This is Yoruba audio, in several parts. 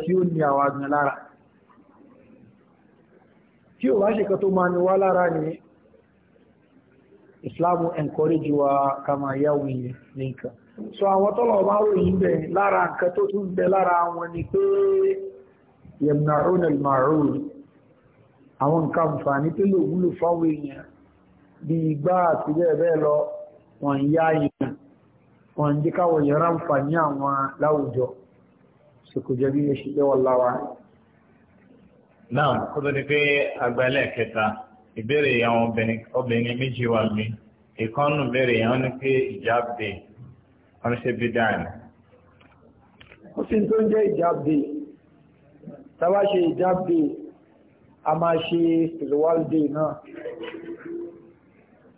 tí ó ní àwọn agbìn lára tí ó wá ṣe kan tó máa ní wá lára ní islamu encourage wa kama yawon ní nǹkan so àwọn tọ́lọ̀ bá ròyìn bẹ̀ lára nǹkan tó tún bẹ lára wọn ni pé yamna'un al-ma'ruf àwọn nǹkan àǹfààní tó lè wúlò fáwọn èèyàn bí igbá àti bẹ́ẹ̀ bẹ́ẹ̀ lọ wọ́n yá èèyàn wọ́n jẹ́ káwọn yẹra àǹfààní àwọn láwùjọ ṣe kò jẹ́ bí mo ṣe jẹ́ wallahu a'lam. náà kó tó di pé àgbálẹ̀ kẹta ìbéèrè àwọn obìnrin méjì wà mí ìkọ́nù béèrè àwọn ní pé ìjáde wọ́n ṣe bí dáìní. ó sì tó ń jẹ́ ìjáde tàbá ṣe ìjáde a máa ṣe ìlúwàlùdé náà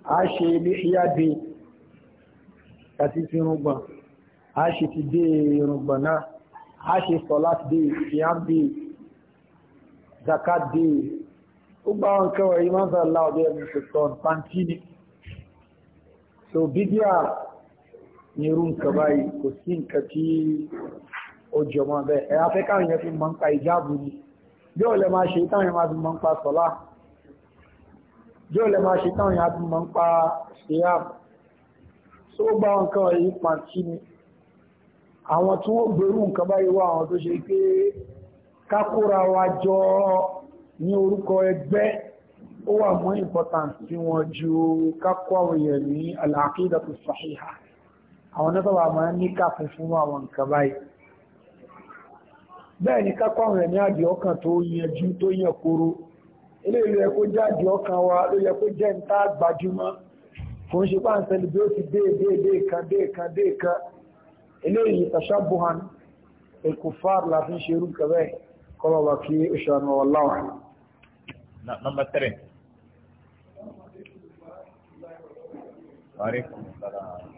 a ṣe iléṣíyáde àti ti irùngbọ̀n a ṣe ti dé irùngbọ̀n náà a ṣe sọ̀láti dé fìyàn dé zakat dé ó gbá wọn kẹwàá yìí máa ń sọ̀rọ̀ láwọ́ ẹni ṣètọ́n pàǹtí ni so bidia ní irú nǹkan báyìí kò sí nǹkan tí ó jọmọ bẹ́ẹ̀ ẹ̀ afẹ́káwọn yẹn fi máa ń pa ìjáàbù ni bí ó lè máa ṣe táwọn yẹn máa fi máa ń pa bí ó lè máa ṣe táwọn yẹn máa fi máa ń pa so ó gbá wọn kẹwàá yìí pàǹtí ni àwọn tí wọ́n gbèrú nǹkan báyìí wá àwọn tó ṣe pé kákóra wa jọ ní orúkọ ẹgbẹ́ ó wà mọ́ important tí wọ́n ju kákó àwọn èèyàn ní al-aqida as-sahiha àwọn nọ́tọ̀wà máa ní káfún fún àwọn nǹkan báyìí bẹ́ẹ̀ ni kákó àwọn èèyàn ní àdì ọkàn tó yanjú tó yàn kóró eléyìí ló jẹ́ àdì ọkàn wa ló yẹ kó jẹ́ ń tá gbajúmọ̀ fún ṣe pá ń sẹ́lẹ̀ bí ó ti dé dé dé kan dé kan dé kan إليه تشبها الكفار لا في شيء يرون كذلك قال الله في إشارة والله عنه نعم ترين عليكم السلام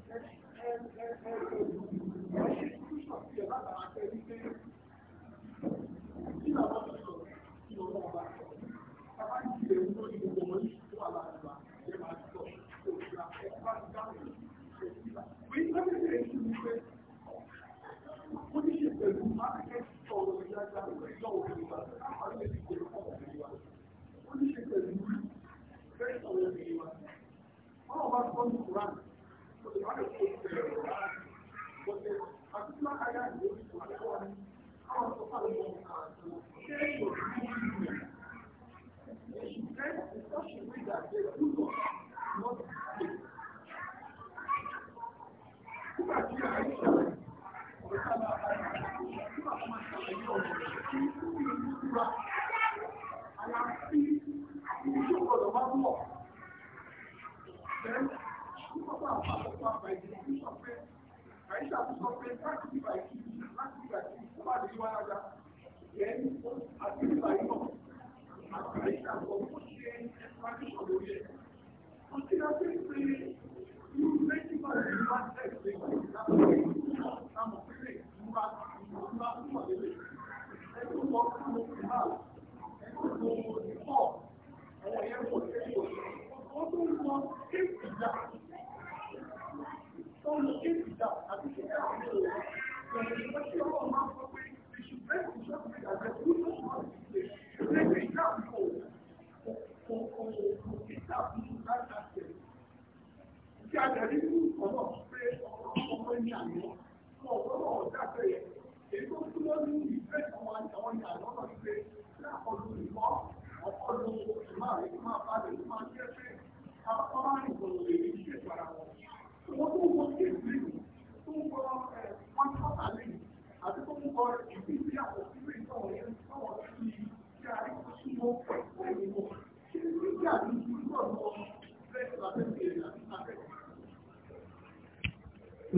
Àwọn ọ̀pọ̀ àwọn ọmọ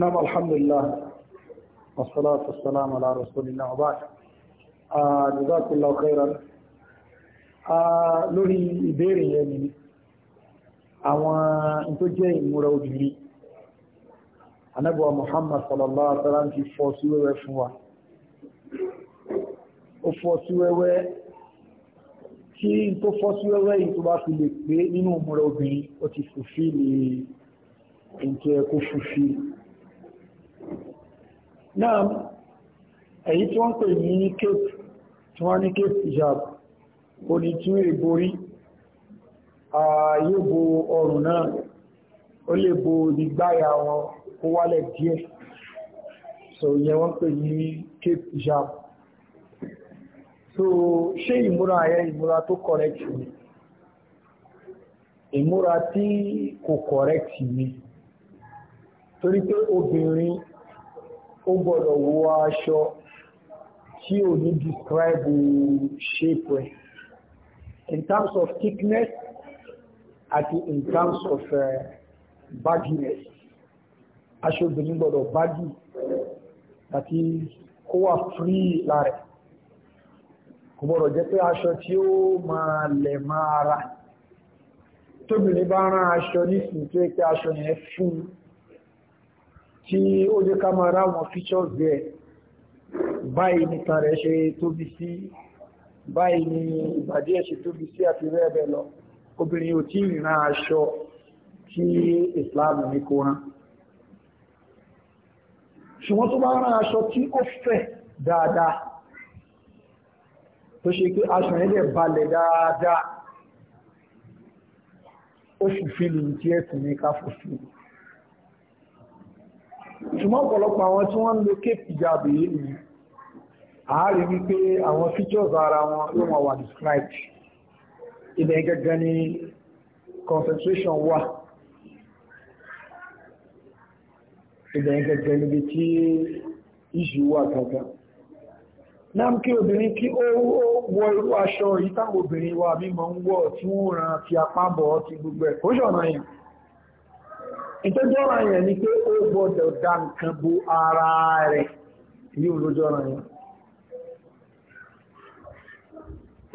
نعم الحمد لله والصلاة والسلام على رسول الله وبعد جزاك الله خيرا lórí ìbéèrè yẹn ni àwọn tó jẹ́ ìmúra obìnrin anábọ̀ Muhammad sallallahu alaihi wasallam ti fọ́ sí wẹ́wẹ́ fún wa ó fọ́ sí wẹ́wẹ́ kí n tó fọ́ sí wẹ́wẹ́ yìí tó bá fi lè pé nínú ìmúra obìnrin ó ti fòfin lè ǹkẹ́ kó fòfin náà èyí tí wọ́n pè ní cape tí wọ́n ní cape hijab o ní tí wọ́n borí yóò bo ọrùn náà o lè bo ìgbáyà wọn kó wálẹ̀ díẹ̀ so yẹn wọ́n pè ní cape hijab so ṣé ìmúra ayẹ ìmúra tó correct ni ìmúra tí kò correct ni torí pé obìnrin ó gbọ́dọ̀ wọ aṣọ tí ò ní describe shape rẹ̀ in terms of thickness àti in terms of uh, bagginess aṣọ obìnrin gbọ́dọ̀ baggy àti kó wà free lára kò gbọ́dọ̀ jẹ́ pé aṣọ tí ó máa lẹ̀ máa ra tóbìnrin bá rán aṣọ nísìnyí tó yẹ pé aṣọ yẹn fún un tí ó jẹ́ ká máa ráwọn features there báyìí ni tàn rẹ̀ ṣe tóbi sí báyìí ni ìbàdí ẹ̀ ṣe tóbi sí àti rẹ́ẹ̀bẹ̀ lọ obìnrin ò tí ìran aṣọ tí Islam ní kó rán ṣùgbọ́n tó bá rán aṣọ tí ó fẹ̀ dáadáa tó ṣe pé aṣọ yẹn dẹ̀ balẹ̀ dáadáa ó ṣùfin ní tí ẹ̀sìn ní ká fòfin ṣùgbọ́n ọ̀pọ̀lọpọ̀ àwọn tí wọ́n ń lo cape hijab yìí ni ààrí wípé àwọn features ara wọn ló máa wà described ilẹ̀ gẹ́gẹ́ ní concentration wà ilẹ̀ gẹ́gẹ́ níbi tí ìṣù wà gẹ́gẹ́ náà kí obìnrin kí ó wọ irú aṣọ yìí obìnrin wa mímọ̀ ń wọ̀ tí wọ́n ràn ti apá bọ̀ ti gbogbo ẹ̀kọ́ṣọ̀nà yìí ìtọ́jú ọ̀rọ̀ yẹn ni pé ó gbọ́dọ̀ dá nǹkan bo ara rẹ̀ yíò lójú ọ̀rọ̀ yẹn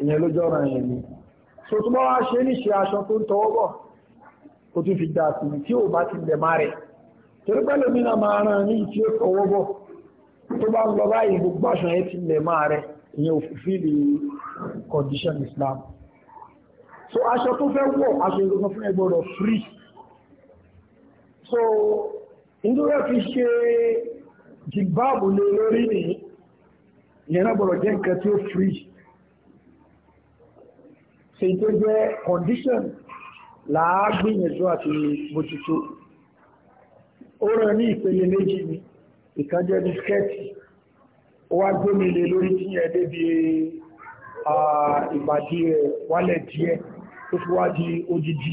ìyẹn lójú ọ̀rọ̀ yẹn ni so tó bá wá ṣe ní ṣe aṣọ tó ń tọwọ́ bọ̀ ó tún fi dà sí tí ò bá ti lẹ̀ má rẹ̀ torí pẹ́lú mi náà máa ràn ní tí tọwọ́ bọ̀ tó bá ń lọ báyìí gbogbo aṣọ yẹn ti lẹ̀ má rẹ̀ ìyẹn ò fi lè condition Islam so aṣọ tó fẹ́ wọ̀ aṣọ ìgbọ̀ngàn fún ẹ gbọ́dọ̀ free so ìdúrà fi ṣe jìbáàbù lè lórí ní ìyẹnà bọ̀rọ̀ jẹ́ nǹkan tí ó free ṣe tó jẹ́ condition láàgbìyànjú àti bójútó ó rẹ̀ ní ìpele méjì ni ìkànjẹ́ ní skẹ́ẹ̀tì ó wá gbómi lè lórí tí ẹ débi ìbàdí rẹ̀ wálẹ̀ díẹ̀ tó fi wá di odidi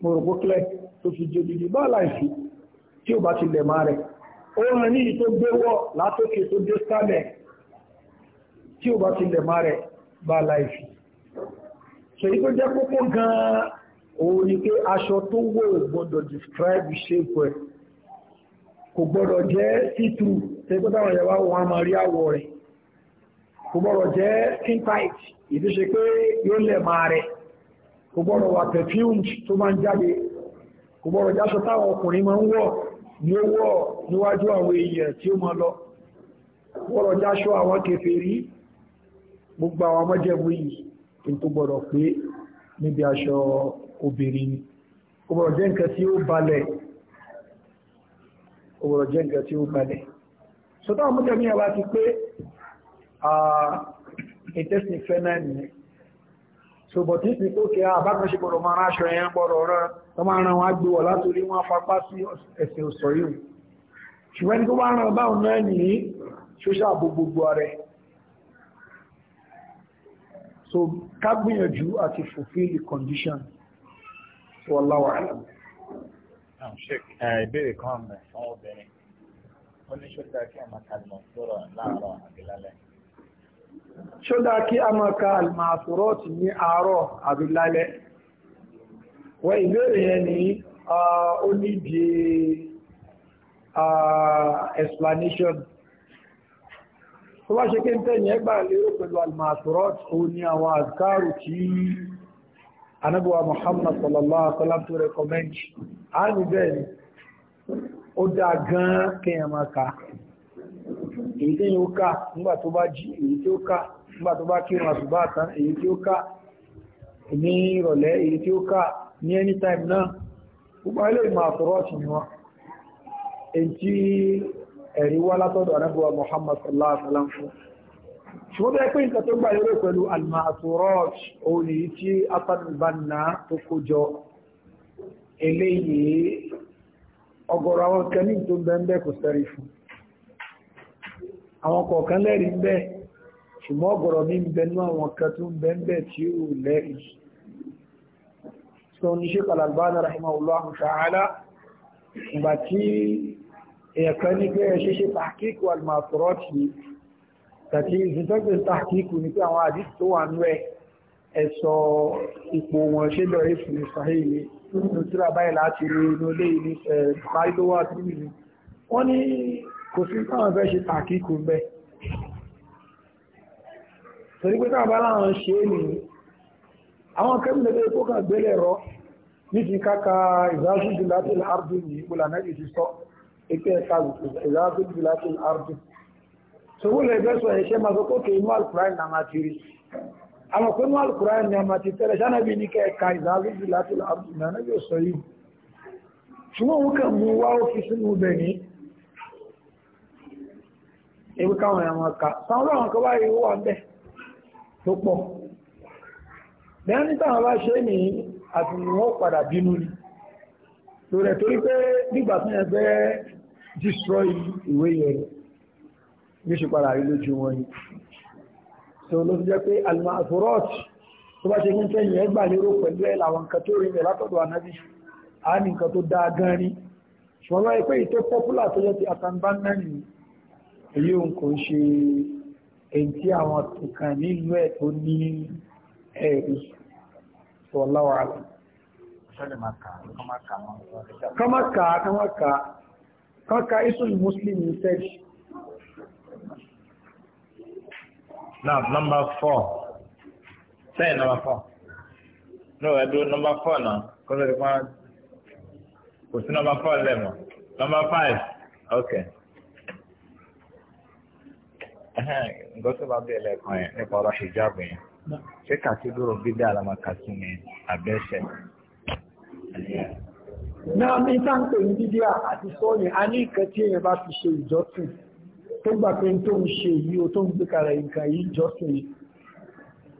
mo rò bó kílẹ̀ tó fi jẹ òdìdí bá láìsí tí ò bá ti lẹ̀ máa rẹ̀ ó rán ní ìtó gbéwọ̀ látòkè tó dé sálẹ̀ tí ò bá ti lẹ̀ rẹ̀ bá láìsí ṣèyí tó jẹ́ kókó gan-an òun ni pé aṣọ tó wọ̀ gbọ́dọ̀ describe shape ẹ̀ kò gbọ́dọ̀ jẹ́ see-through tẹ́gbẹ́ táwọn ìyàwó wọn a máa rí àwọ̀ rẹ̀ kò gbọ́dọ̀ jẹ́ skin tight ìdí pé yóò lẹ̀ rẹ̀ kò gbọ́dọ̀ wà perfumed tó máa ń jáde kò bọ́rọ̀ jáṣọ táwọn ọkùnrin máa ń wọ̀ ní ó wọ̀ níwájú àwọn èèyàn tí ó máa lọ bọ́rọ̀ jáṣọ àwọn kèfèrí gbogbo àwọn ọmọjẹ̀mú yìí kí n tó gbọ́dọ̀ pé níbi aṣọ obìnrin ni kò jẹ́ nǹkan tí ó balẹ̀ kò jẹ́ nǹkan tí ó balẹ̀ so táwọn ọmọjẹ̀mú yàrá ti pé ìtẹ́sìn fẹ́ náà nìyẹn so bọ̀tí ti kó kí a bá kan ṣe gbọ́dọ̀ máa ráṣọ ẹ̀yẹn gbọ́dọ̀ rán tó máa ran wọn á gbé wọ̀ látòrí wọn afapá sí ẹ̀sìn òsọ̀ yìí ṣùgbọ́n ní tó bá ran báwọn náà nìyí ṣóṣà bo gbogbo rẹ̀ so ká gbìyànjú àti fulfill the condition so wallahu a'lam. ìbéèrè kan mẹ́ fún obìnrin ó ní ṣó dáa kí a máa ka àlùmọ̀sọ̀rọ̀ láàárọ̀ àbí lálẹ́. ṣó dáa kí a máa ka àlùmọ̀sọ̀rọ̀ ti ní àárọ̀ àbí lálẹ́ wọ ìbéèrè yẹn ní ó nídi explanation tó bá ṣe kí n tẹ́yìn ẹgbà lérò pẹ̀lú almasurot òun ni àwọn azkaru tí anábíwa Muhammad sallallahu alaihi wasallam tó recommend a ní bẹ́ẹ̀ ó dá gan kíyàn máa ka èyí tí yóò ká nígbà tó bá jí èyí tí ó ká nígbà tó bá kírun àsùbá tán èyí tí ó ká ní ìrọ̀lẹ́ èyí tí ó ká ní anytime náà gbogbo ilé ìmọ̀ àtọ̀rọ̀ọ̀tì ni wọ́n èyí tí ẹ̀rí wá látọ̀dọ̀ anábíwá Muhammad sallallahu alaihi wa sallam fún ṣùgbọ́n bẹ́ẹ̀ pé nǹkan tó gbà lérò pẹ̀lú alìmọ̀ àtọ̀rọ̀ọ̀tì òun èyí tí atanibanna tó kó jọ eléyìí ọ̀gọ̀rọ̀ àwọn kan ní tó ní Sheikh Al-Albani rahimahullahu ta'ala ìgbà tí ẹ̀ẹ̀kan ní pé ẹ̀ṣẹ́ ṣe tàkíkù al-Maturidi tàbí ìsìntọ́gbẹ̀ tàkíkù ní pé àwọn àdís tó wà ní ẹ̀ ẹ̀sọ ipò wọn ṣe lọ ìfún ìsàhìlì nùtúrà báyìí láti rí inú ilé ìlú ṣàìlówà tìrìmì wọ́n ní kò sí táwọn fẹ́ ṣe tàkíkù bẹ́ẹ̀ torí pé láwọn ṣe é nìyí àwọn kẹ́mìnà lè kó kà gbélé rọ ní ti káka ìzáàzújú láti àrùdù ní ìgbòlànà ìdí sọ ẹgbẹ́ ẹ̀ka ìzáàzújú láti àrùdù sowólẹ̀ ẹgbẹ́ sọ ẹ̀ṣẹ́ máa sọ kókè inú alukùráìn náà máa ti rí àwọn pé inú alukùráìn náà máa ti tẹ́lẹ̀ sánàbí ní kẹ́ẹ̀ka ìzáàzújú àrùdù náà yóò sọ bẹ́ẹ̀ nígbà wọn bá ṣe ní àtìmọ̀ wọn padà bínú ni lórí ẹ̀ torí pé nígbà tó yẹn destroy ìwé yẹn bí ṣe padà rí lójú wọn yìí tó ló fi jẹ́ pé almasurot tó bá ṣe ní tẹ́yìn ẹ lérò pẹ̀lú ẹ̀ làwọn nǹkan tó rí rẹ̀ látọ̀dọ̀ ànábì á ní nǹkan tó dáa gan ni ṣùgbọ́n báyìí pé ìtó pọ́pùlà tó yẹ ti àtàǹbánná nìyí èyí òun kò ń ṣe èyí tí àwọn tòkàn nínú ẹ̀ tó ní ẹ̀rí wọ̀láwà alẹ́. Kọ́mọ̀ká kọ́mọ̀ká kọ́ká isul Muslim research. Now, number four. Say number four. No, I do number four now. Kọ́sọ̀ ti pọ́n kò sí number four lẹ́mọ̀. Number five. Okay. Nǹkan tó bá bí ẹlẹ́kan yẹn nípa ọ̀rọ̀ hijab yẹn ṣé kàtígòrò bídà alamakasi ni abẹ́ṣẹ́ náà ní sáńpẹ̀ ní bídíà àti sọ́yìn a ní ìkẹ́ tí èèyàn bá fi ṣe ìjọsìn tó gbà pé tó ń ṣe yìí o tó ń gbé kalẹ̀ nǹkan yìí ìjọsìn yìí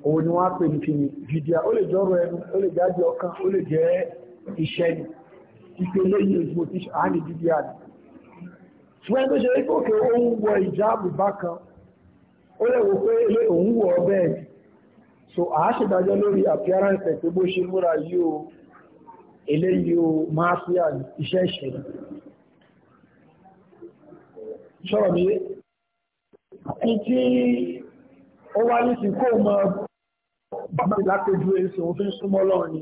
òun ni wọ́n á pè ní fi ní bídíà ó lè jọ́rọ̀ ẹnu ó lè jáde ọkàn ó lè jẹ́ iṣẹ́ ni ìpele yìí ìfò tí a ní bídíà ni ṣùgbọ́n tó ṣe rí pé òun wọ ìjáàbù bákan ó lè wò pé òun wọ̀ ọ́ bẹ́ẹ̀ ni so a ṣèdájọ́ lórí appearance ẹ̀ pé bó ṣe múra yíò eléyìí o máa sí iṣẹ́ ìṣẹ̀lẹ̀ ṣọ́rọ̀ mi ẹni tí ó wá ní sí kó mọ bàbá mi èso òfin súnmọ́ lọ́wọ́ ni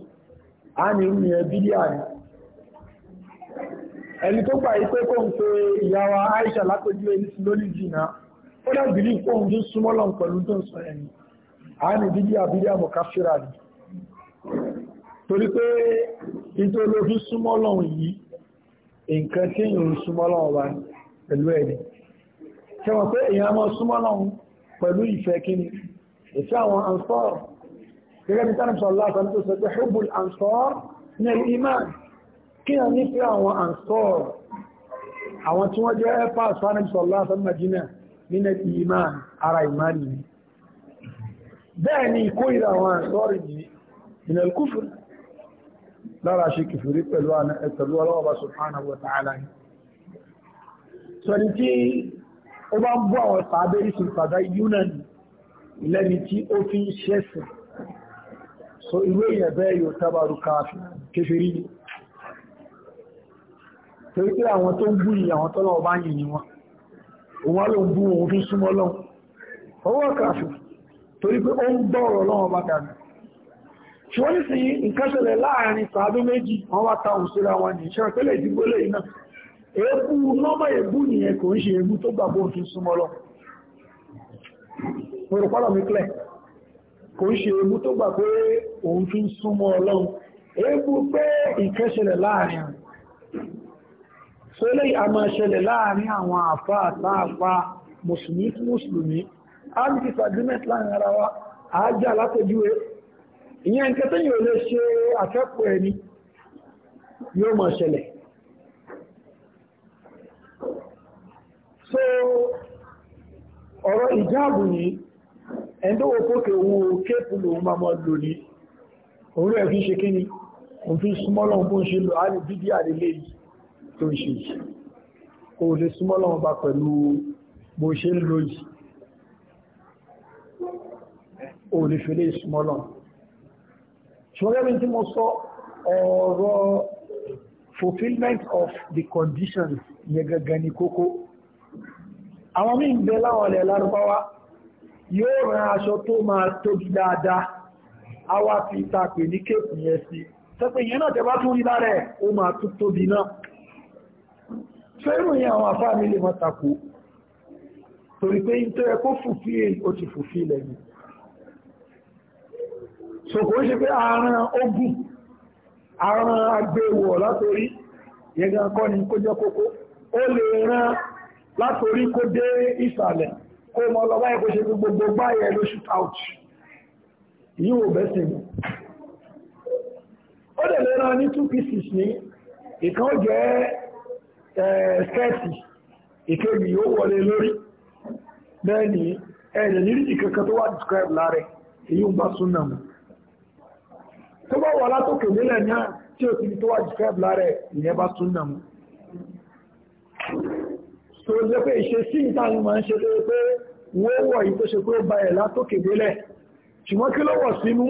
a ní ń yẹn bílíà ni ẹni tó gbà yí kó ń pe ìyàwó Aisha lápẹjú èso lórí jìnnà ó dàbí ní kó ń dín súnmọ́ lọ́wọ́ pẹ̀lú tó ń sọ ẹni a ní dídí àbídá mọ̀káfíra ni torí pé nítorí ló fi súnmọ́ lọ́hùn yìí nǹkan tí èèyàn ń súnmọ́ lọ́hùn wa pẹ̀lú ẹ̀rí ṣe wọ́n pé èèyàn máa súnmọ́ lọ́hùn pẹ̀lú ìfẹ́ kíni ìfẹ́ àwọn ansọ́r gẹ́gẹ́ bí tánàbí sọ̀rọ̀ láti ọdún tó sọ pé hubbul ansọ́r ní ẹ̀rí imán kí wọ́n nífẹ̀ẹ́ àwọn ansọ́r àwọn tí wọ́n jẹ́ ẹ́pà sọ̀rọ̀ láti ọdún Madina nínú ẹ̀rí imán ara imán bẹ́ẹ̀ ni ìkórìíra àwọn àṣọ́rì yìí ìlẹ̀ kúfù lára ṣe kìfìrí pẹ̀lú ẹ̀tẹ̀lú ọlọ́ọ̀bá subhanahu wa ta'ala ni sọ̀rọ̀ tí ó bá ń bọ́ àwọn sàábẹ́rì sùpàdá yúnani lẹ́ni tí ó fi ń ṣẹ́sìn so ìwé èèyàn bẹ́ẹ̀ yóò tábàrù káàfì kéferí ni torí pé àwọn tó ń bú yìí àwọn tọ́lọ́ ọba yìí ni wọn òun á lòun bú òun fi súnmọ́ lọ́hùn ọwọ́ káàfì torí pé ó ń gbọ́rọ̀ lọ́wọ́ bá dànù ṣùgbọ́n ní sí nǹkan ṣẹlẹ̀ láàrin sàádó méjì wọ́n wá ta òṣèrà wọn ní ìṣẹ́ ìpẹ́lẹ̀ ìdígbó lè iná èébú nọ́mọ̀ nìyẹn kò ń ṣe èébú tó gbàgbọ́ òfin súnmọ́ lọ kò a ní disagreement láàrin ara wa àájá látọjúwe ìyẹn nǹkan tó yìí lè ṣe akẹ́kọ̀ọ́ ẹni yóò mọ̀ ṣẹlẹ̀ so ọ̀rọ̀ ìjáàbù yìí ẹ̀ndówó pókè owó kéèpù lòun máa mọ́ lò ní orí ẹ̀ ṣe kí ni òun fi súnmọ́lọ́un bó ń ṣe lò á ní bídí àdílé yìí tó ń ṣe yìí kò lè súnmọ́lọ́un yìí ò lè fèlè ìsúnmọ́lọ̀ ṣọ́gẹ́bí tí mo sọ ọ̀rọ̀ fulfilment of the conditions yẹ gangan ní kókó àwọn míì ń bẹ láwọn ilẹ̀ lárúbáwá yóò rán aṣọ tó máa tóbi dáadáa a wá fi ìtàpè ní kéèkì yẹn sí sẹ́pẹ̀ ìyẹn náà tẹ́bá tún rí lára ẹ̀ ó máa tó tóbi náà fẹ́rù yẹn àwọn àfáà lè mọ́ tako torí pé tó yẹ kó fulfill ó ti fulfill lẹ́yìn so kò ṣe pé àárín ogun àárín agbéwọ̀ látòrí yẹgan kọ́ ni kó jẹ́ kókó ó lè rán látòrí kó dé ìsàlẹ̀ kó mọ lọ báyìí kó ṣe pé gbogbo báyẹ̀ ló shoot out yìí bẹ́sẹ̀ mọ́ ó lè lè rán ní two pieces ní ìkan jẹ́ ẹ̀ẹ́sẹ̀tì eh, ìkejì yóò wọlé lórí bẹ́ẹ̀ ni ẹ̀rẹ̀ nírí ìkankan tó wà describe láàrẹ̀ èyí ń bá súnà mú tó bá wà látòkè nílẹ̀ náà tí ò sí tó wà describe láàrẹ̀ ìyẹn bá súnà mú so lé pé ìṣe sí ìtàní máa ń ṣe lé pé wọ́n wọ̀ yìí tó ṣe pé ó ba ẹ̀ látòkè nílẹ̀ ṣùgbọ́n kí ló wọ̀ sínú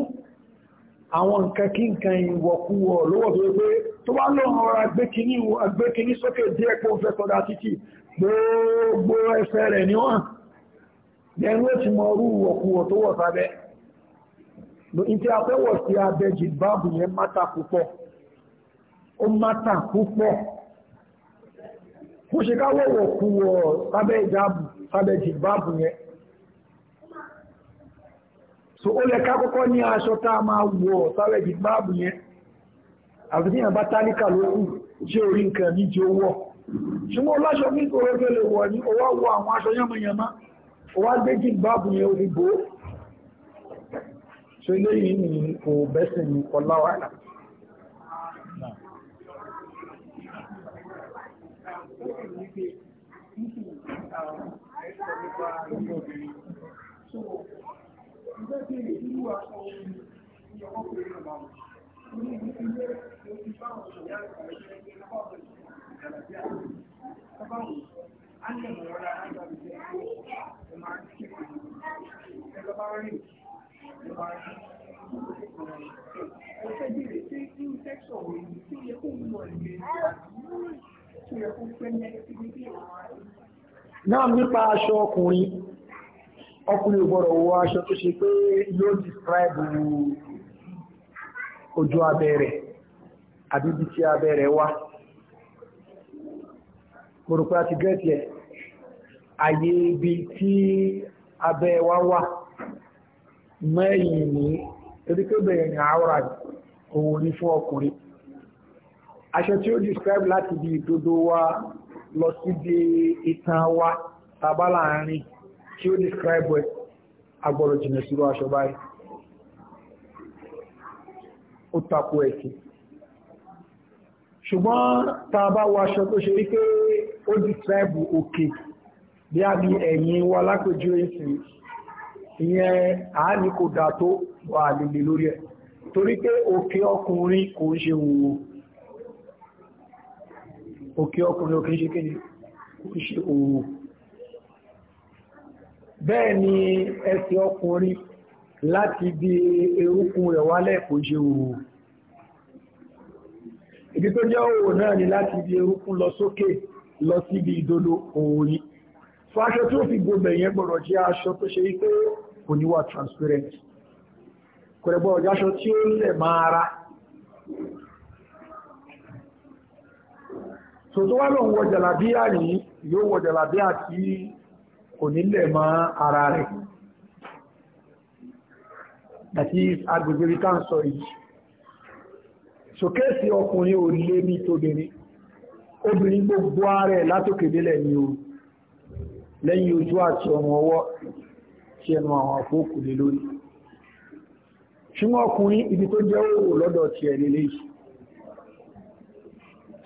àwọn nǹkan kí nǹkan ìwọ̀kúwọ̀ lówọ̀ tó pé tó bá lọ́wọ́ ọ̀rọ̀ agbékiní sókè díẹ̀ pé ó fẹ́ sọ́dá títì gbogbo ẹsẹ̀ rẹ̀ níwọ̀n dẹ̀rù ó ti mọ orú ọ̀kúwọ̀ tó wọ̀ sábẹ́ ìtí afẹ́wọ̀ sí abẹ́ jìbáàbù yẹn mátà púpọ̀ ó mátà púpọ̀ kò ṣe káwọ̀ ọ̀kúwọ̀ sábẹ́ ìjáàbù sábẹ́ so ó lẹ ká ní aṣọ tá a máa wọ̀ sábẹ́ jìbáàbù yẹn àfi tíyàn bá tálíkà ní lè wọ̀ ní wá gbé jìlbáàbù yẹn ò ní bò ó so eléyìí ni kò bẹ́sẹ̀ ní ọláwàlá Thank you. náà nípa aṣọ ọkùnrin ọkùnrin gbọ́dọ̀ wọ aṣọ tó ṣe pé yóò describe ojú abẹ́rẹ̀ àbíbí tí a ti gẹ́ẹ̀tì ẹ̀ àyè ibi tí abẹ́ wa wà mẹ́yìn ní erékébẹ̀rẹ̀ ní àwọ̀rà òun ní fún ọkùnrin aṣọ tí ó describe láti di ìdodo wa lọ sí di itan wa tàbá láàrin tí ó describe ẹ agbọ́dọ̀ jìnà sírò aṣọ báyìí ó tako ẹ̀sìn ṣùgbọ́n tàbá wọ aṣọ tó ṣe wípé ó describe òkè okay bí a bí ẹ̀yìn wa lápèjú ìsìn ìyẹn àání kò dà tó wà lèlè lórí ẹ̀ torí pé òkè ọkùnrin kò ń ṣe òwò òkè ọkùnrin òkè ṣe kéde kò ń ṣe òwò bẹ́ẹ̀ ni ẹsẹ̀ ọkùnrin láti bí erúkún rẹ̀ wálẹ̀ kò ń ṣe òwò ibi tó jẹ́ òwò náà ni láti bí erúkún lọ sókè lọ síbi ìdodo òwò so aṣọ tí ó fi gbogbo ẹ̀yẹ gbọ́dọ̀ jẹ́ aṣọ tó ṣe wípé kò ní wà transparent kò lè aṣọ tí ó lẹ̀ máa ra so tó wá lọ wọ jàlábíà àní yóò wọ jàlábíà àti kò ní ara rẹ̀ àti agbègbè rí tá ń sọ yìí ọkùnrin ò lé obìnrin gbogbo ara ẹ̀ ni o. lẹ́yìn ojú àti ọmọ ọwọ́ tí ẹnu àwọn àpókù lè lórí ṣùgbọ́n ọkùnrin ibi tó jẹ́ òwò lọ́dọ̀ ti ẹ̀ lélẹ́ yìí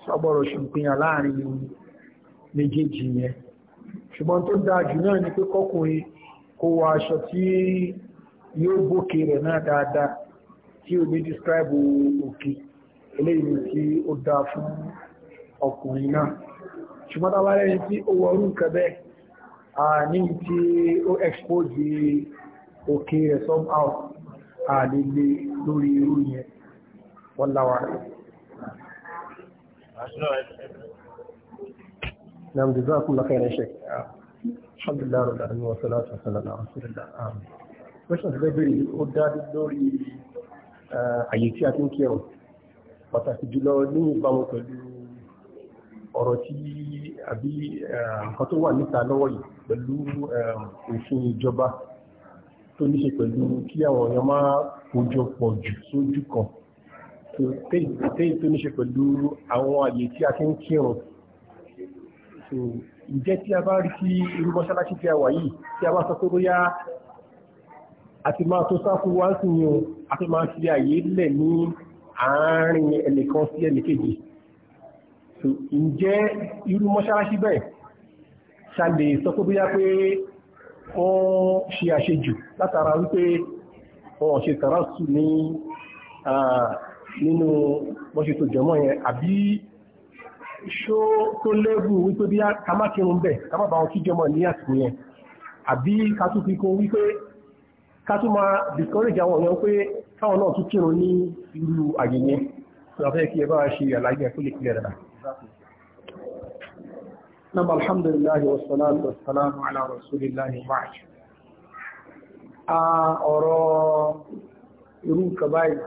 sọ́bọ̀rọ̀ ṣùgbìyà láàrin méjèèjì yẹn ṣùgbọ́n tó dáa jù náà ni pé kọkùnrin kó wọ aṣọ tí yóò bókè rẹ̀ náà dáadáa tí o ní describe òkè eléyìí tí ó dáa fún ọkùnrin náà ṣùgbọ́n tábàárẹ̀ yìí tí ó wọ orú bẹ́ẹ̀ níbi tí ó expose òkè rẹ̀ somehow àdégbé lórí irú yẹn wọ́n láwà rẹ̀. نعم جزاكم الله خير يا شيخ الحمد لله رب العالمين والصلاة والسلام على رسول الله آمين question tó bẹ̀rẹ̀ ó dáadé lórí eh, àyè tí a ti ń kírun pàtàkì jùlọ ní ìbámu pẹ̀lú ọ̀rọ̀ tí àbí eh, nǹkan tó wà níta lọ́wọ́ yìí pẹ̀lú ehm, òfin ìjọba tó ní ṣe pẹ̀lú kí àwọn èèyàn máa kójọ pọ̀ jù sójú kan téyí tó ní ṣe pẹ̀lú àwọn àyè tí a ti ń kírun ǹjẹ́ tí a bá rí sí irú mọ́ṣáláṣí tí a wà yìí tí a bá sọ pé bóyá àti máa tó sáfù wá sí ni o àti máa fi àyè lẹ̀ ní àárín ẹnìkan sí ẹnìkejì ǹjẹ́ irú mọ́ṣáláṣí bẹ́ẹ̀ ṣàlè sọ pé bóyá pé ó ṣe àṣejù látara wípé ọ̀rọ̀ ṣe tàràsù ní nínú wọ́n ṣe tó jọmọ́ yẹn àbí ṣó tó lẹ́bù wípé bí ká má kírun bẹ̀ ká má bá wọn kíjọmọ́ ní àsìkò yẹn àbí ká tún fi kún wípé ká tún máa discourage àwọn ọ̀yàn pé káwọn náà tún kírun ní irú àyè yẹn tó la fẹ́ kí ẹ bá ṣe àlàyé ẹ̀ kó lè kílẹ̀ dáadáa. نعم الحمد لله والصلاة والسلام على رسول الله بعد ọ̀rọ̀ irú nǹkan báyìí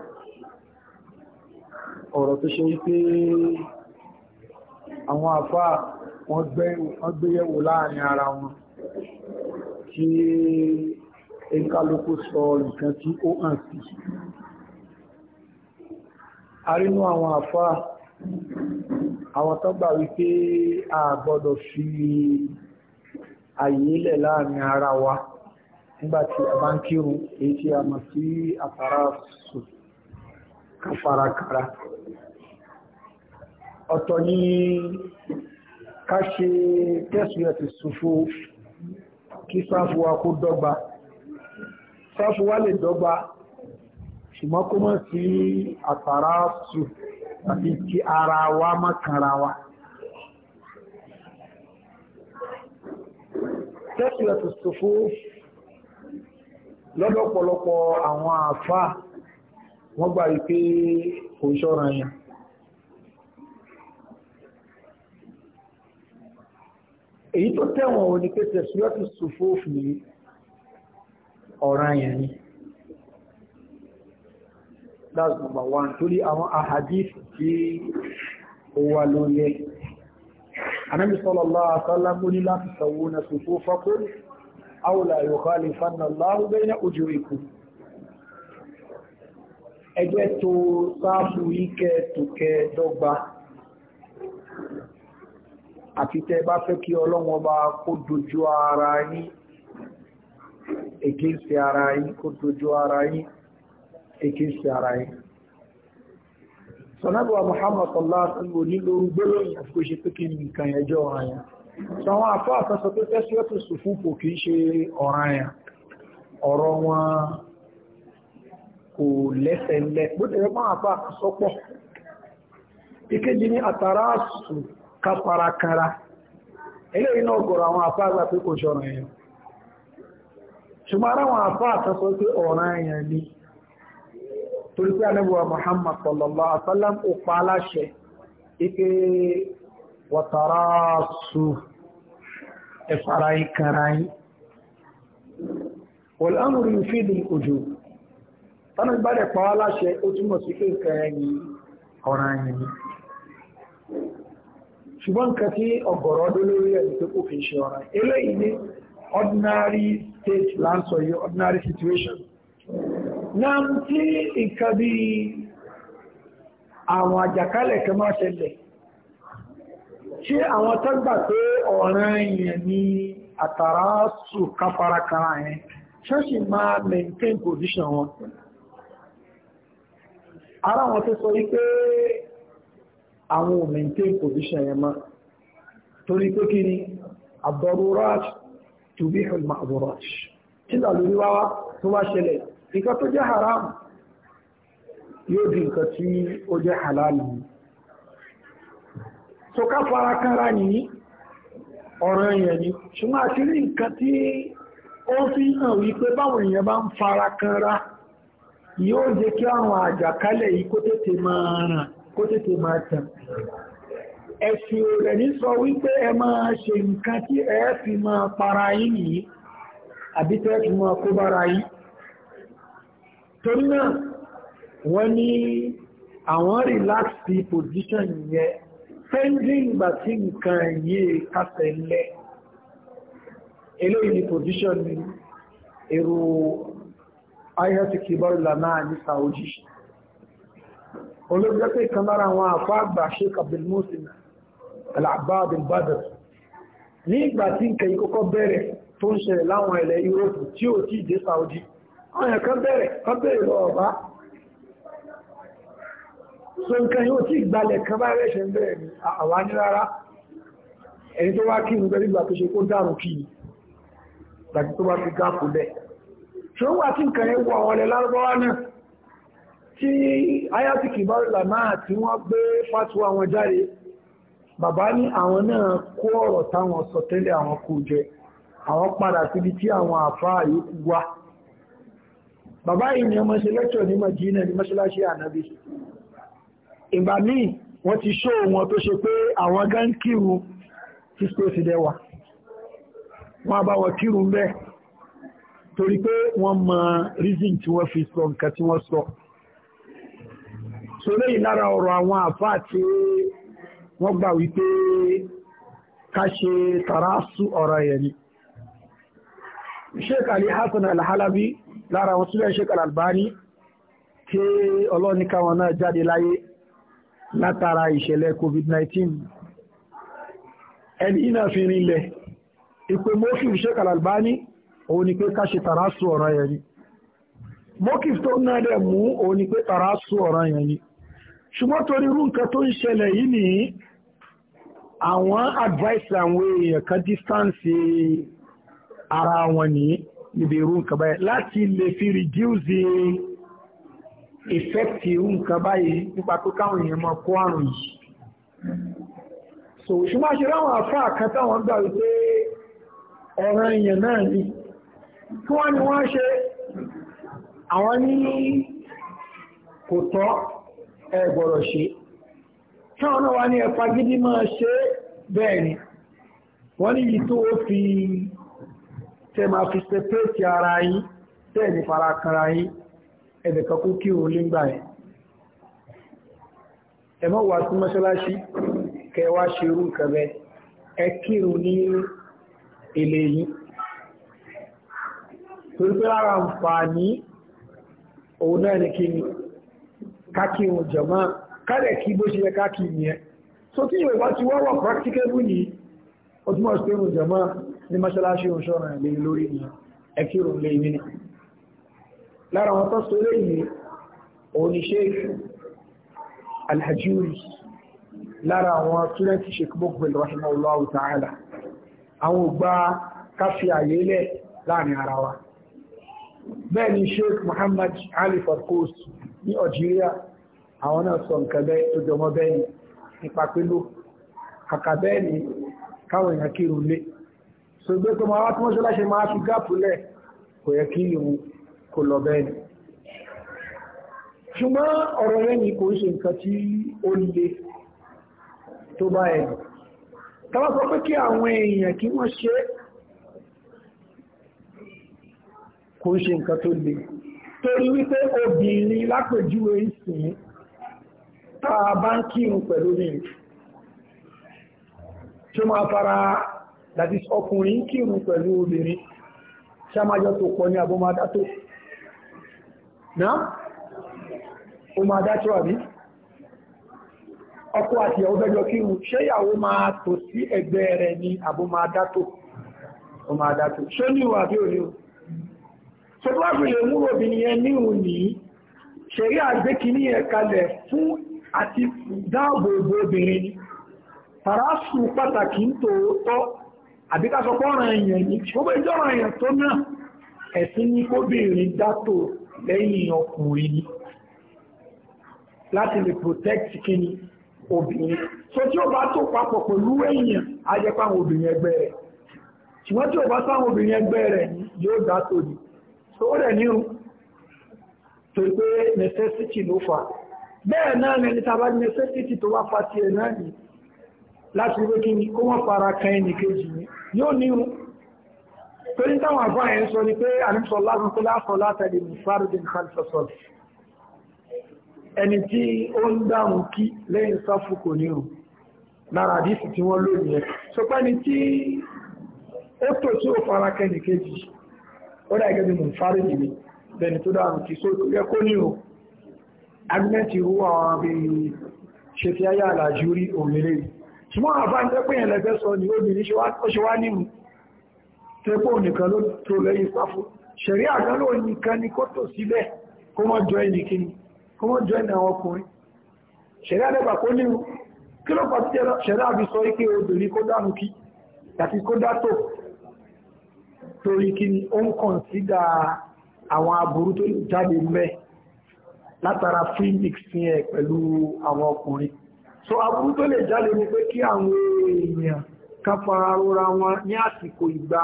ọ̀rọ̀ tó ṣe wípé àwọn àfá wọ́n gbéyẹ̀wò láàrin ara wọn tí ẹnkálukú sọ nǹkan tí ó hàn sí arínú àwọn àfá àwọn tó gbà wípé a gbọ́dọ̀ fi àyè ilẹ̀ láàrin ara wa nígbàtí a bá ń kírun èyí tí a mọ̀ sí àfárá sùn káfarakara ọ̀tọ̀ ni ká ṣe tẹ́sù ẹ̀ ti sùfò kí sáfù wa kó dọ́gba sáfù wa lè dọ́gba ṣùgbọ́n kó mọ̀ sí àfárá sùn tàbí kí ara wa má kanra wa. Tẹ́sílẹ̀ tó sòfò lọ́dọ̀ ọ̀pọ̀lọpọ̀ àwọn àfáà wọ́n gbà wípé kò ṣọ́ra yẹn. Èyí tó tẹ̀wọ̀n ò ní pé tẹ̀sílẹ̀ tó sòfò fún mi ọ̀ràn yẹn ni that's number one torí àwọn ahadith tí ó wà lórí ẹ̀ anábi sallallahu alaihi wasallam ní láti sọ̀wọ́ na sùfú fọ́kú aula yọ̀kálì fannallahu bayna ujurikum ẹgbẹ́ tó sáàfù ike tòkẹ dọ́gba àti tẹ́ bá fẹ́ kí ọlọ́wọ́n bá kó dojú ara yín against ara yín kó dojú ara yín èkì ń ṣe ara yìí sọ̀nàbíwá Muhammad sọ̀lá ìlú nílò gbólóyìn àfikò ṣe pé kí ni nǹkan ẹjọ́ ọ̀ràn yẹn sọ àwọn àfọ́ àtọ́sọ pé tẹ́síwẹ́tì sùfúfò kì í ṣe ọ̀ràn yẹn ọ̀rọ̀ wọn kò lẹ́sẹ̀ lẹ́ gbódẹ̀rẹ́ máa bá àkọsọ́pọ̀ ìkéjì ní eléyìí náà gọ̀rọ̀ àwọn àgbà ni torí pé anábíwá Muhammad sallallahu alaihi wa sallam ó pa aláṣẹ ike wọ̀tàrà su ẹ̀fara ìkàrà yìí wọ́n lámùrí fídì òjò tánà ìbádẹ̀ pa aláṣẹ ó túnmọ̀ sí pé nǹkan ẹ̀yìn ọ̀ràn yìí ṣùgbọ́n nǹkan tí ọ̀gọ̀rọ̀ ọdún lórí ẹ̀ tó kò fi ṣe ọ̀ràn eléyìí ní ordinary state láǹsọ̀ ordinary situation náà tí ìkan bí àwọn àjàkálẹ̀ kan máa ṣẹlẹ̀ ṣé àwọn tó gbà pé ọ̀ràn èèyàn ni àtàrà sù káfarakara yẹn ṣọ́ṣì máa maintain position wọn ara wọn tó sọ wípé àwọn ò maintain position yẹn máa torí pé kí ni ad-darurat tubihu al-ma'dhurat tí ìdàlórí wá wá tó wá ṣẹlẹ̀ nǹkan tó jẹ́ haram yóò di nǹkan tí ó jẹ́ halal ni so ká fara kanra nìyí ọ̀rọ̀ èèyàn ni ṣùgbọ́n àti rí nǹkan tí ó fi hàn wípé báwọn èèyàn bá ń fara kanra yóò jẹ́ kí àwọn àjàkálẹ̀ yìí kó tètè máa ràn kó tètè máa tàn ẹ̀sìn rẹ̀ ní sọ wípé ẹ máa ṣe nǹkan tí ẹ fi máa para yín nìyí àbí tẹ́ fi máa kó bára yín torí náà wọ́n ní àwọn relaxed position yẹn pending ìgbà tí nǹkan yìí kásẹ̀ lẹ̀ eléyìí ni position ni èrò ayẹ́sì kìbọ́rù lànàá ní Saudi olóògbé pé kan lára àwọn àfá àgbà Sheikh Abdul Muhsin Al-Abbad Al-Badr ní ìgbà tí nǹkan ìkókọ́ bẹ̀rẹ̀ tó ń ṣẹlẹ̀ láwọn ilẹ̀ Europe tí ó ti dé Saudi àwọn ẹ̀kan bẹ̀rẹ̀ kan bẹ̀rẹ̀ lọ ọ̀bá so nǹkan yóò tí ìgbàlẹ̀ kan bá rẹ̀ṣẹ̀ ń bẹ̀rẹ̀ ní àwa ní rárá ẹni tó wá kí ní bẹ̀rẹ̀ ìgbà tó ṣe kó dàrú kí ní tàbí tó bá fi gáàpù lẹ̀ ṣe ó wà tí nǹkan yẹn wọ àwọn ọ̀lẹ́ lárúbáwá náà tí ayatiki bárúlà náà tí wọ́n gbé fatuwa wọn jáde bàbá ní àwọn náà kó ọ̀rọ̀ táwọn sọ tẹ́lẹ̀ àwọn kò jẹ àwọn padà síbi tí àwọn àfáà yòókù wá bàbá yìí ni ọmọ ṣe lẹ́tọ̀ ní Madina ní mọ́ṣáláṣí ànábì ìgbà míì wọ́n ti ṣó wọn tó ṣe pé àwọn gán kírun tí space dẹwà wọ́n bá wọ kírun bẹ́ẹ̀ torí pé wọ́n mọ reason tí wọ́n fi sọ nǹkan tí wọ́n sọ sólé yìí lára ọ̀rọ̀ àwọn àfáà tí wọ́n gbà wípé ká ṣe tàrásù ọ̀rọ̀ yẹn ni Sheikh Ali Hasan al lára wọn sílẹ̀ Sheikh Al-Albani tí ọlọ́nìkáwọn náà jáde láyé látara ìṣẹ̀lẹ̀ COVID-19 ẹni iná fi rinlẹ̀ ìpè mọ́kìf Sheikh Al-Albani òun ni pé káṣe tàrásù ọ̀ràn yẹn ni mọ́kìf tó náà dẹ̀ mú òun ni pé tàrásù ọ̀ràn yẹn ni ṣùgbọ́n torí irú nǹkan tó ń ṣẹlẹ̀ yìí ni àwọn advice àwọn èèyàn kan distance ara wọn nìyí níbi irú nǹkan báyìí láti lè fi reduce effect irú nǹkan báyìí nípa pé káwọn èèyàn máa kó àrùn yìí so ṣùgbọ́n ṣe ráwọn àfá kan táwọn gbà wípé ọ̀ràn èèyàn náà ni kí wọ́n ni wọ́n ṣe àwọn ní kò tọ́ ẹ gbọ́dọ̀ ṣe táwọn náà wá ní ẹ̀fà gidi máa ṣe bẹ́ẹ̀ ni wọ́n ní yìí tó fi tẹ́ máa fi separate ara yín tẹ́ ní fara kanra yín ẹ̀bẹ̀ kan kú kí òun léngbà ẹ̀ ẹ̀mọ́ wà sí mọ́ṣáláṣí kẹwàá ṣe irú kẹbẹ ẹ kírun ní èlé yìí torí pé lára àǹfààní òun náà ní kí ni káàkì òun jọ̀mọ́ kálẹ̀ kí bó ṣe yẹ káàkì nìyẹn so tí Yorùbá ti wọ́wọ́ practicable yìí ó túmọ̀ ní mọ́ṣálásí òṣọ́rọ̀ ilé lórí ni ẹkírò lè ní ní lára wọn tó sólé yìí òun ni sheikh alhajjuri lára àwọn túnẹ́tì sheikh mokbel rahimahullahu ta'ala àwọn ògbà káfí àyélẹ̀ láàrin ara wa bẹ́ẹ̀ ni sheikh muhammad ali farkos ní algeria àwọn náà sọ nǹkan bẹ́ẹ̀ tó ni káwọn èèyàn lé so gbé tó máa wá tí mọ́ṣáláṣí máa fi gáàpù lẹ̀ kò yẹ kí ìrun kò lọ bẹ́ẹ̀ ni ṣùgbọ́n ọ̀rọ̀ rẹ̀ ni kò ń ṣe nǹkan tí ó le tó bá ẹ̀ tọ́wọ́ sọ pé kí àwọn èèyàn kí wọ́n ṣe kò ń ṣe nǹkan tó le torí wípé obìnrin lápèjúwe ìsìn tá a bá ń kírun pẹ̀lú mi tí máa fara that is ọkùnrin kírun pẹ̀lú obìnrin ṣámájọ́ tó pọ̀ ní abúmọ́dá náà o máa dájọ́ àbí ọkọ àti ìyàwó bẹ́jọ kírun yàwó máa tò sí ẹgbẹ́ rẹ̀ ní abúmọ́dá tó o máa ṣé àbí òní fún obìnrin àbí ká sọ pé ọ̀ràn èèyàn ni gbogbo ìjọ ọ̀ràn èèyàn tó náà ẹ̀sìn ní kóbìnrin dátò lẹ́yìn ọkùnrin ni láti lè protect kíni obìnrin so tí ó bá tó papọ̀ pẹ̀lú èèyàn á jẹ́ obìnrin ẹgbẹ́ rẹ̀ ṣùgbọ́n tí ó bá sáwọn obìnrin ẹgbẹ́ rẹ̀ yóò dátò ni so ó rẹ̀ nírun torí pé necessity ló fà bẹ́ẹ̀ náà ẹni tàbá necessity tó wá fa tiẹ̀ náà nìyí láti wé kí ni kó wọ́n fara kan ẹnì kejì ni yóò nírun torí táwọn àbá ẹ̀ ń sọ ni pé àníṣọ lásán tó lásán látàrí mùsàrùdín khalfasol ẹni tí ó ń dáhùn kí lẹ́yìn sáfù kò nírun lára àdísì tí wọ́n lò nìyẹn sọ pé ẹni tí ó ṣe fi ayé àlàjú rí òmìnir ṣùgbọ́n àfá ń tẹ́pẹ́ lẹ́fẹ́ sọ ni obìnrin ṣe wá nínú tẹ́pọ̀ nìkan ló tó lẹ́yìn páfó ṣẹ̀rí àgbálò nìkan ni kó tò sílẹ̀ kó mọ́ jọ ẹni ni kó mọ́ jọ ẹni àwọn ọkùnrin ṣẹ̀rí àdẹ́gbà kó nínú kí ló pàtí ṣẹ̀rí àbí sọ ike obìnrin kó dánú kí àti kó dátò torí kí ni ó ń kọ̀nsídà àwọn aburú tó jáde mẹ́ látara free mix yẹn pẹ̀lú àwọn ọkùnrin so aburú tó lè jáde ni pé kí àwọn èèyàn ká fara rora wọn ní àsìkò ìgbà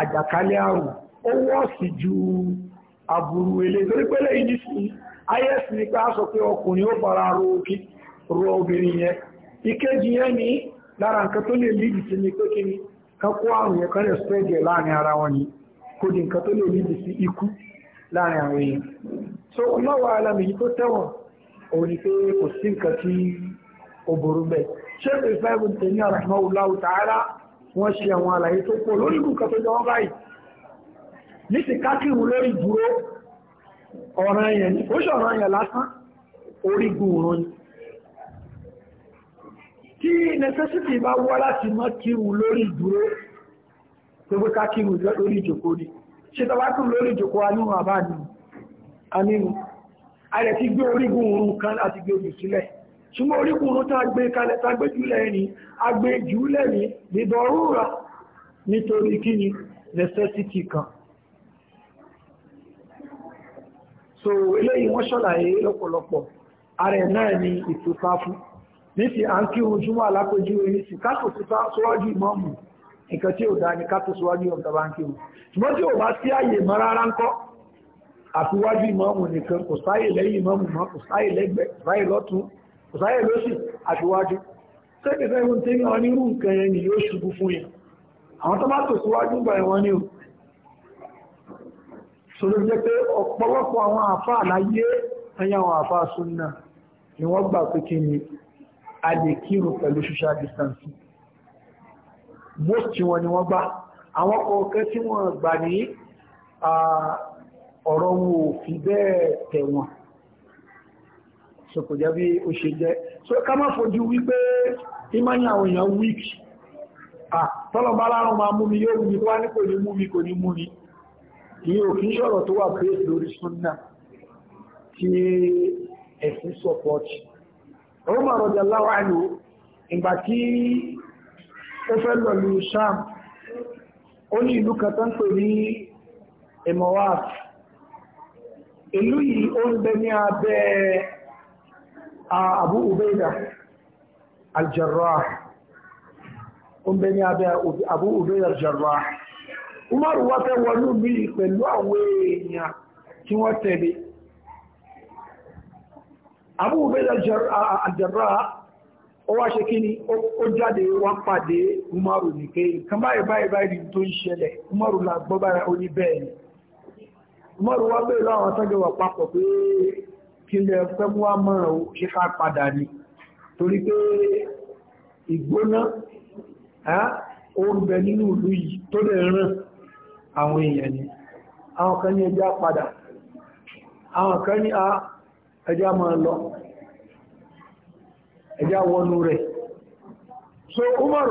àjàkálẹ̀ àrùn ó ju aburú torí ni pé a sọ pé ọkùnrin ó fara ro òkè rọ obìnrin yẹn ìkejì yẹn ní lára nǹkan tó lè lídì sí ni pé kí ni ká kó àrùn yẹn kan spread yẹn ni kó di nǹkan tó lè lídì sí ikú láàrin àwọn èèyàn so ọlọ́wọ́ alamìyí tó tẹ̀wọ̀n òun ni pé kò sí nǹkan òbòrò bẹ̀. ṣé ìfẹ́gun tèmi rahimahullahu ta'ala wọ́n ṣe àwọn àlàyé tó pọ̀ lórí nǹkan tó jọ wọ́n báyìí ní ti kákìrún lórí dúró ọ̀ràn èèyàn ní ó ṣọ̀ràn èèyàn lásán orígun òrùn ni tí necessity bá wá láti mọ́ kírun lórí dúró tó gbé kákìrún lórí ìjòkó ni ṣe tọ́wá kírun ṣùgbọ́n oríkùnrù tá gbé kalẹ̀ tá gbé jùlẹ̀ ní agbé jùlẹ̀ nítorí kí ni necessity kan so eléyìí wọ́n ṣọ́làyé lọ́pọ̀lọpọ̀ ààrẹ náà ni ìtùpá fún ní ti à ń kí ohun jùmọ́ alápójú ẹni sí kátò sí síwájú ìmọ́mù nǹkan tí ò dá ní kátò síwájú ọ̀gá bá ń kí ohun ṣùgbọ́n tí ò bá sí àyè mọ́ rárá ń kọ́ àfiwájú ìmọ́mù nìkan kò sáyè lẹ́yìn ìmọ́mù mọ́ kò sáyè lẹ́gbẹ̀ẹ́ sáyè lọ́tún kò sáyẹ̀ lóṣì àtiwájú tẹ́kì tí wọ́n ní irú nǹkan yẹn ni yóò ṣubú fún yẹn àwọn tó bá tò síwájú gbà wọ́n ní o sọ̀rọ̀ jẹ́ pé ọ̀pọ̀lọpọ̀ àwọn àfáà láyé ẹ̀yà àwọn àfáà súnà ni wọ́n gbà pé kí ni a lè kírun pẹ̀lú social distancing most wọn ni wọ́n gbà àwọn kọ̀ọ̀kẹ́ tí wọ́n gbà ní ọ̀rọ̀ wọn ò fi bẹ́ẹ̀ tẹ̀ so kò jẹ́ bí ó ṣe jẹ́ so ká má fojú wípé ìmọ̀nyà àwọn èèyàn wíkì tọ́lọ̀bá lárùn máa mú mi yóò mú mi wá ní kò ní mú mi kò ní mú mi ní òfin ṣọ̀rọ̀ tó wà pé lórí súnnà tí ẹ̀sìn sọpọ̀tì Umar radiyallahu anhu ìgbà tí ó fẹ́ lọ̀lú Sham ó ní ìlú kan tán pè ní Imawat ìlú yìí ó ń bẹ ní abẹ́ أبو Ubaida الجراح أم بني bẹ ní abẹ́ Abu Ubaida al-Jarrah Umaru وينيا fẹ́ تبي أبو pẹ̀lú الجراح èèyàn tí wọ́n tẹ̀lé Abu Ubaida al-Jarrah ó wá ṣe kí ni ó jáde wá pàdé Umaru nìké nǹkan báyìí báyìí báyìí tó ń ṣẹlẹ̀ Umaru la gbọ́ báyìí ó Umaru wá bẹ́ẹ̀ láwọn tọ́jọ́ wà papọ̀ pé kílẹ̀ pẹ́kú wá mọ́ ṣe ká padà ní torí pé ìgbóná ó ń bẹ nínú ìlú yìí tó lè ràn àwọn èèyàn ni àwọn kan ní ẹjá padà àwọn kan ní ah, ẹjá máa lọ ẹjá wọnú rẹ̀ so Umar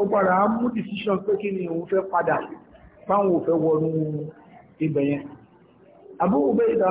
ó padà á mú decision pé kí ni òun fẹ́ padà báwọn ò fẹ́ wọnú ibẹ̀ yẹn Abu Ubaida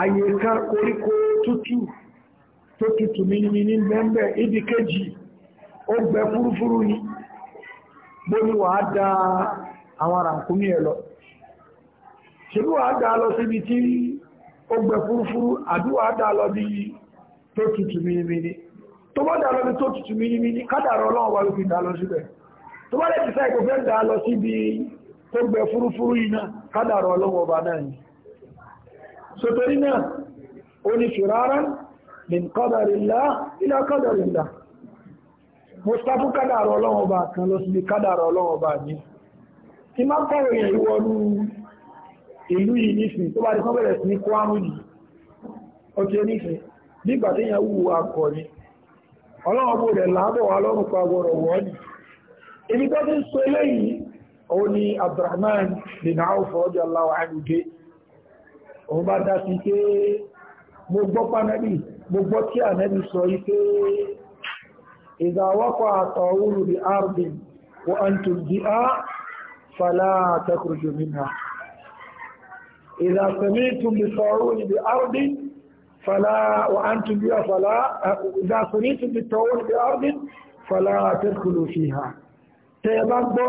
àyè kan koríko tútù tó tútù mímímí bẹ́ẹ̀bẹ́ ibi kejì ó gbẹ fúrúfúrú ni bó ní da àwọn ràkúnmí ẹ̀ lọ ṣèlú wàá da lọ síbi tí ó gbẹ fúrúfúrú àbí wàá da lọ bí tó tútù mímímí tó bá da lọ bí da lọ síbẹ̀ sọ̀tọ̀rí náà ó ní ṣùrárá min kọ́dàrìlá ilá kọ́dàrìlá ọba kan lọ síbi di fún bẹ̀rẹ̀ sí ni ọlọ́run ọbọ̀ rẹ̀ láàbọ̀ wa lọ́rùn pa gbọ́rọ̀ wọ́ ni ibi tó ti ń sọ eléyìí Abdurrahman bin Awf radiyallahu anhu òun bá dá sí pé mo gbọ́ pánẹ́bì mo gbọ́ tí ànẹ́bì sọ yí pé ìdáwọ́pọ̀ àtọ̀wúrù di ardi wa antum di á fàlá takhruju minha ìdásẹ̀mítùn bí tọ̀wúrù di ardi fàlá wa antum di á fàlá ìdásẹ̀mítùn bí tọ̀wúrù tẹ́ bá gbọ́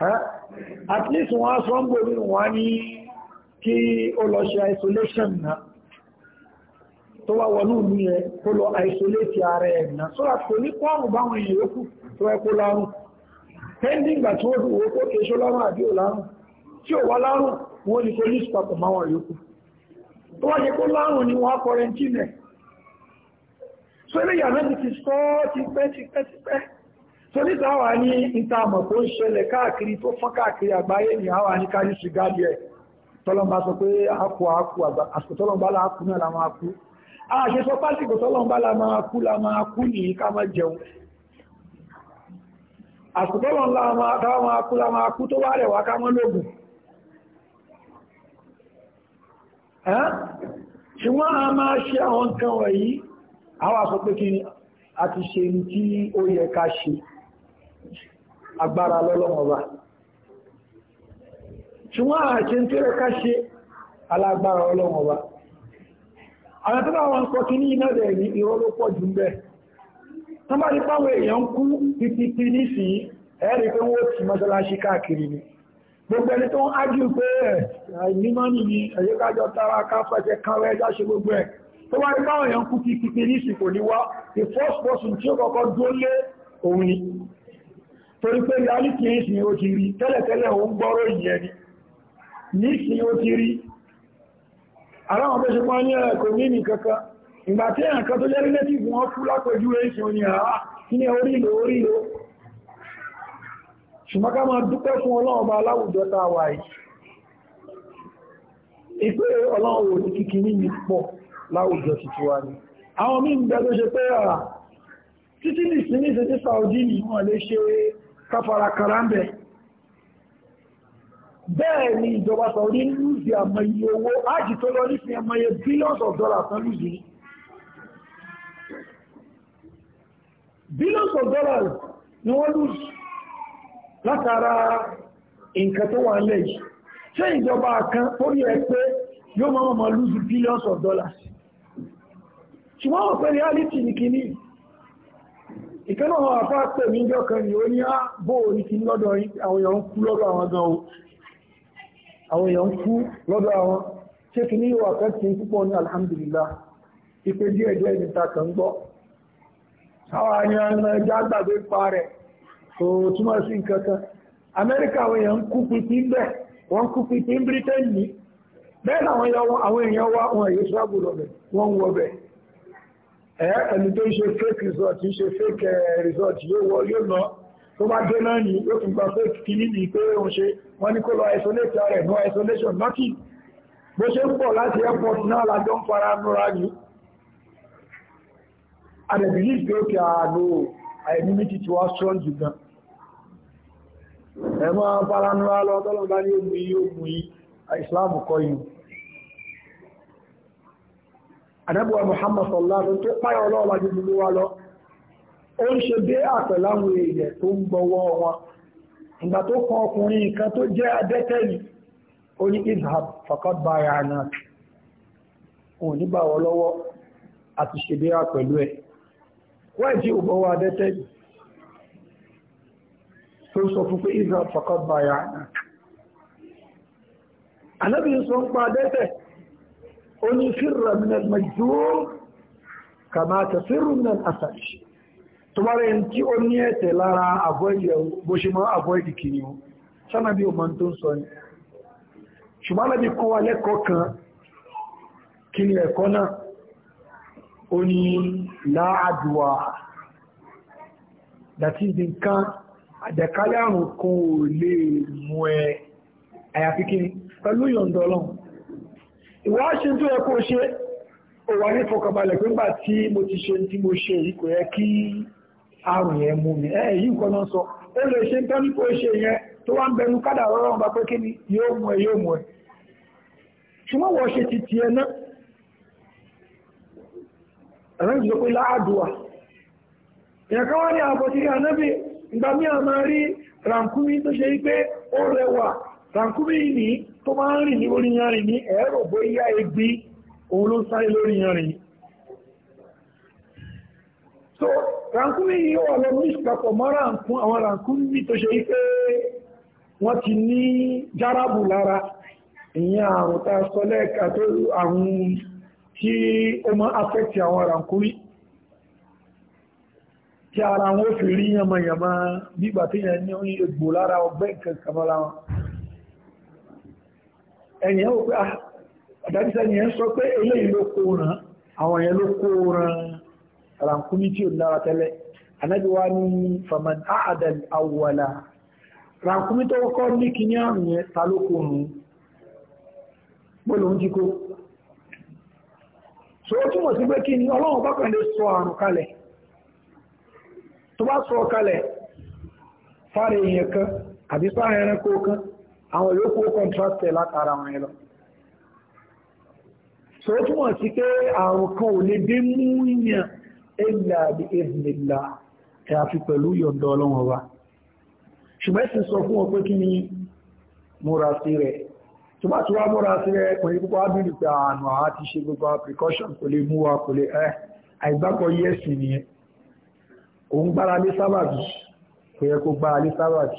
at least wọ́n á sọ ń gbò nínú wọ́n ní kí ó lọ ṣe isolation na tó wá wọnú ní ẹ kó lọ isolate ara ẹ̀ náà so àti kò ní kó àrùn báwọn èèyàn yókù tó ẹ kó lárùn pending gbà tí wọ́n fi wọ́n kó kéṣó lárùn àbí ò lárùn tí ò wá lárùn wọ́n police papọ̀ yókù tó wá so ti sọ ọ́ ti pẹ́ ti so níta wà ní ìtààmọ̀ tó ń ṣẹlẹ̀ káàkiri tó fọ́n káàkiri àgbáyé ni àwà ní kárí sí gáàdì ẹ̀ tọ́lọ́mbà sọ pé àkù àkù àsìkò tọ́lọ́mbà la kú náà la máa kú àṣẹ sọ pásìkò tọ́lọ́mbà la máa kú la máa kú ní ká máa jẹun àsìkò la máa kú la máa kú tó wá rẹ̀ wá ká mọ́ lóògùn ṣùgbọ́n a ṣe ní tí ó yẹ ká ṣe agbára lọ́lọ́mọba ṣùgbọ́n àṣẹ tí ó ká ṣe alágbára ọlọ́mọba àwọn tó bá wọn sọ kí ní iná rẹ̀ ní irọ́ ló pọ̀ jù ń tán bá rí páwọn èèyàn kú pípípí nísìnyí ni gbogbo ẹni tó ń ájú pé ẹ̀ mímọ́ ní ní ẹ̀yẹ́kájọ tara káfẹ́jẹ kánwẹ́ ẹjá ṣe wá rí báwọn kú kí pípé ní ìsìnkò ní the first person tí ó kọ́kọ́ dúró lé òun ni torí pé reality ìsìn ó ti rí tẹ́lẹ̀tẹ́lẹ̀ ó ń gbọ́rọ̀ ìyẹni ní ìsìn ó ti rí aláwọn bẹ́ ṣe pọ́ ní ẹ̀kọ́ ní nìkankan ìgbà tí ẹ̀yàn tó jẹ́ relative wọn kú lápẹjú ah, a wà yìí ìpé ọlọ́run ò ní kíkí ní ní pọ̀ láwùjọ títí wa ni àwọn míì ń bẹ tó ṣe pé ah, títí nìsín ní ìsìn tí Saudi yìí wọn lè ṣe káfàrà kàrà ń bẹ̀ bẹ́ẹ̀ ni ìjọba Saudi lùzì àmọ́ iye owó ájì tó lọ ní fi billions of dollars tán lùzì billions of dollars ni wọ́n lùzì látara nǹkan tó wà nílẹ̀ yìí ṣé ìjọba kan ó rí ẹ pé yóò máa mọ̀ lùzì billions of dollars ṣùgbọ́n wọ́n pẹ̀lú reality nìkíní yìí ìkẹ́nà àwọn àfá pẹ̀ mí jọ kan ni ó ní àbò ah, orí kí lọ́dọ̀ àwọn èèyàn kú lọ́dọ̀ àwọn gan o àwọn èèyàn kú lọ́dọ̀ àwọn ṣé kí ní ìwà kan ti púpọ̀ ní alhamdulillah ipe díẹ̀ díẹ̀ ní ta kan gbọ́ àwọn àyàn ẹja gbàgbé pa rẹ̀ kò túmọ̀ sí nǹkan kan amẹ́ríkà àwọn èèyàn kú pínpín bẹ́ẹ̀ wọ́n kú pínpín britain ní bẹ́ẹ̀ àwọn èèyàn wá wọn èyí sábò lọ bẹ̀ wọ́n wọ bẹ́ẹ̀ ẹni tó ń ṣe fake result ń ṣe fake eh, result yóò wọ yóò lọ tó bá dé náà ní yóò tún gba fake kìíní ní pé òun ṣe wọ́n ní kó lọ isolate rẹ̀ no isolation nothing bó ṣe ń pọ̀ láti airport náà lájọ́ ń fara nura ní and I believe pé ó kí ah, àánú àìnímítì tí wá strong jù gan ẹ̀mọ́ fara nura lọ tọ́lọ̀ bá ní ogun yìí ogun yìí Islam kọ́ yìí àdábùwà Muhammad sallallahu tó páyọ̀ ọlọ́ọ̀lá ju gbogbo wa lọ ó ń ṣe dé àpẹ̀láwọn èèyàn tó ń gbọ́wọ́ wọn ìgbà tó kan ọkùnrin kan tó jẹ́ adẹ́tẹ̀ yìí ó ní izhab faqad bayana ó ní fírra minal majzum kàmá tafirru minal asad tó bá rẹ̀ tí ó ní ẹ̀tẹ̀ lára bó ṣe máa avoid kìíní o sánà bí o máa tó ń sọ ni ṣùgbọ́n lábí kọ́ wa lẹ́kọ̀ọ́ kan kí ni ẹ̀kọ́ náà ó ní ìwáṣe tó yẹ kó ṣe ó wà ní fọkànbalẹ̀ pé nígbà tí mo ti ṣe tí mo ṣe yìí kò yẹ kí àrùn yẹn mú mi ẹ èyí nǹkan náà sọ ó lè ṣe tán ní kó ṣe yẹn tó wá ń bẹnu kádà rọrọ ọba pé kí ni yóò mú ẹ yóò mú ẹ ṣùgbọ́n wọ́n ṣe ti tiẹ̀ náà ẹ̀rọ́n ti sọ pé láàdùà ìyẹn káwọn ní àbọ̀tí anábì ìgbà mí àmà rí ràǹkúmí tó ṣe wípé ó rẹwà sàǹkúmí ní tó máa ń rìn ní orí yanrìn ní ẹ̀rọ bóyá egbí òun ló sáré lórí yanrìn so ràǹkúmí yìí wà lọ ní ìpapọ̀ mọ́ra nǹkan àwọn ràǹkúmí tó ṣe wípé wọ́n ti ní járàbù lára ìyẹn àrùn tá a sọ lẹ́ẹ̀ka tó àrùn tí ó máa affecti àwọn ràǹkúmí tí ara wọn ó fi rí yànmọ̀yànmọ̀ bí ìgbà yẹn ní egbò lára ọgbẹ́ nǹkan kan mọ́ra wọn ẹ̀yẹn ò pé ah, àdájísẹ́ ẹ̀yẹn sọ pé eléyìí ló kó ràn àwọn ẹ̀yẹn ló kó ràn rànkúmí tí ò lára tẹ́lẹ̀ anábí n'i ní faman àádàl awwala rànkúmí tó kọ́ ní àrùn yẹn ta ló kó ti kó so ó túmọ̀ sí pé kí ni ọlọ́run bá sọ àrùn kalẹ̀ tó bá sọ kalẹ̀ fáre èèyàn kan àbí fáre ẹranko àwọn yòókù contract ẹ̀ látara wọn yẹn lọ so ó túmọ̀ sí pé àrùn kan ò lè dé mú yàn ẹ̀là bí ẹ̀bùnìlà ẹ̀ àfi pẹ̀lú yọ̀ǹda ọlọ́run ọba ṣùgbọ́n ẹ̀sìn sọ fún ọ pé kí ni múra sí rẹ̀ tó bá múra sí rẹ̀ kò ní púpọ̀ ábìlì pé àánú ah, àá ti ṣe gbogbo precaution kò lè mú wa kò lè ẹ́ eh. àìgbàkọ̀ yẹ́sìn nìyẹn òun gbára lé sábàbí kò yẹ kó gbára lé sábàbí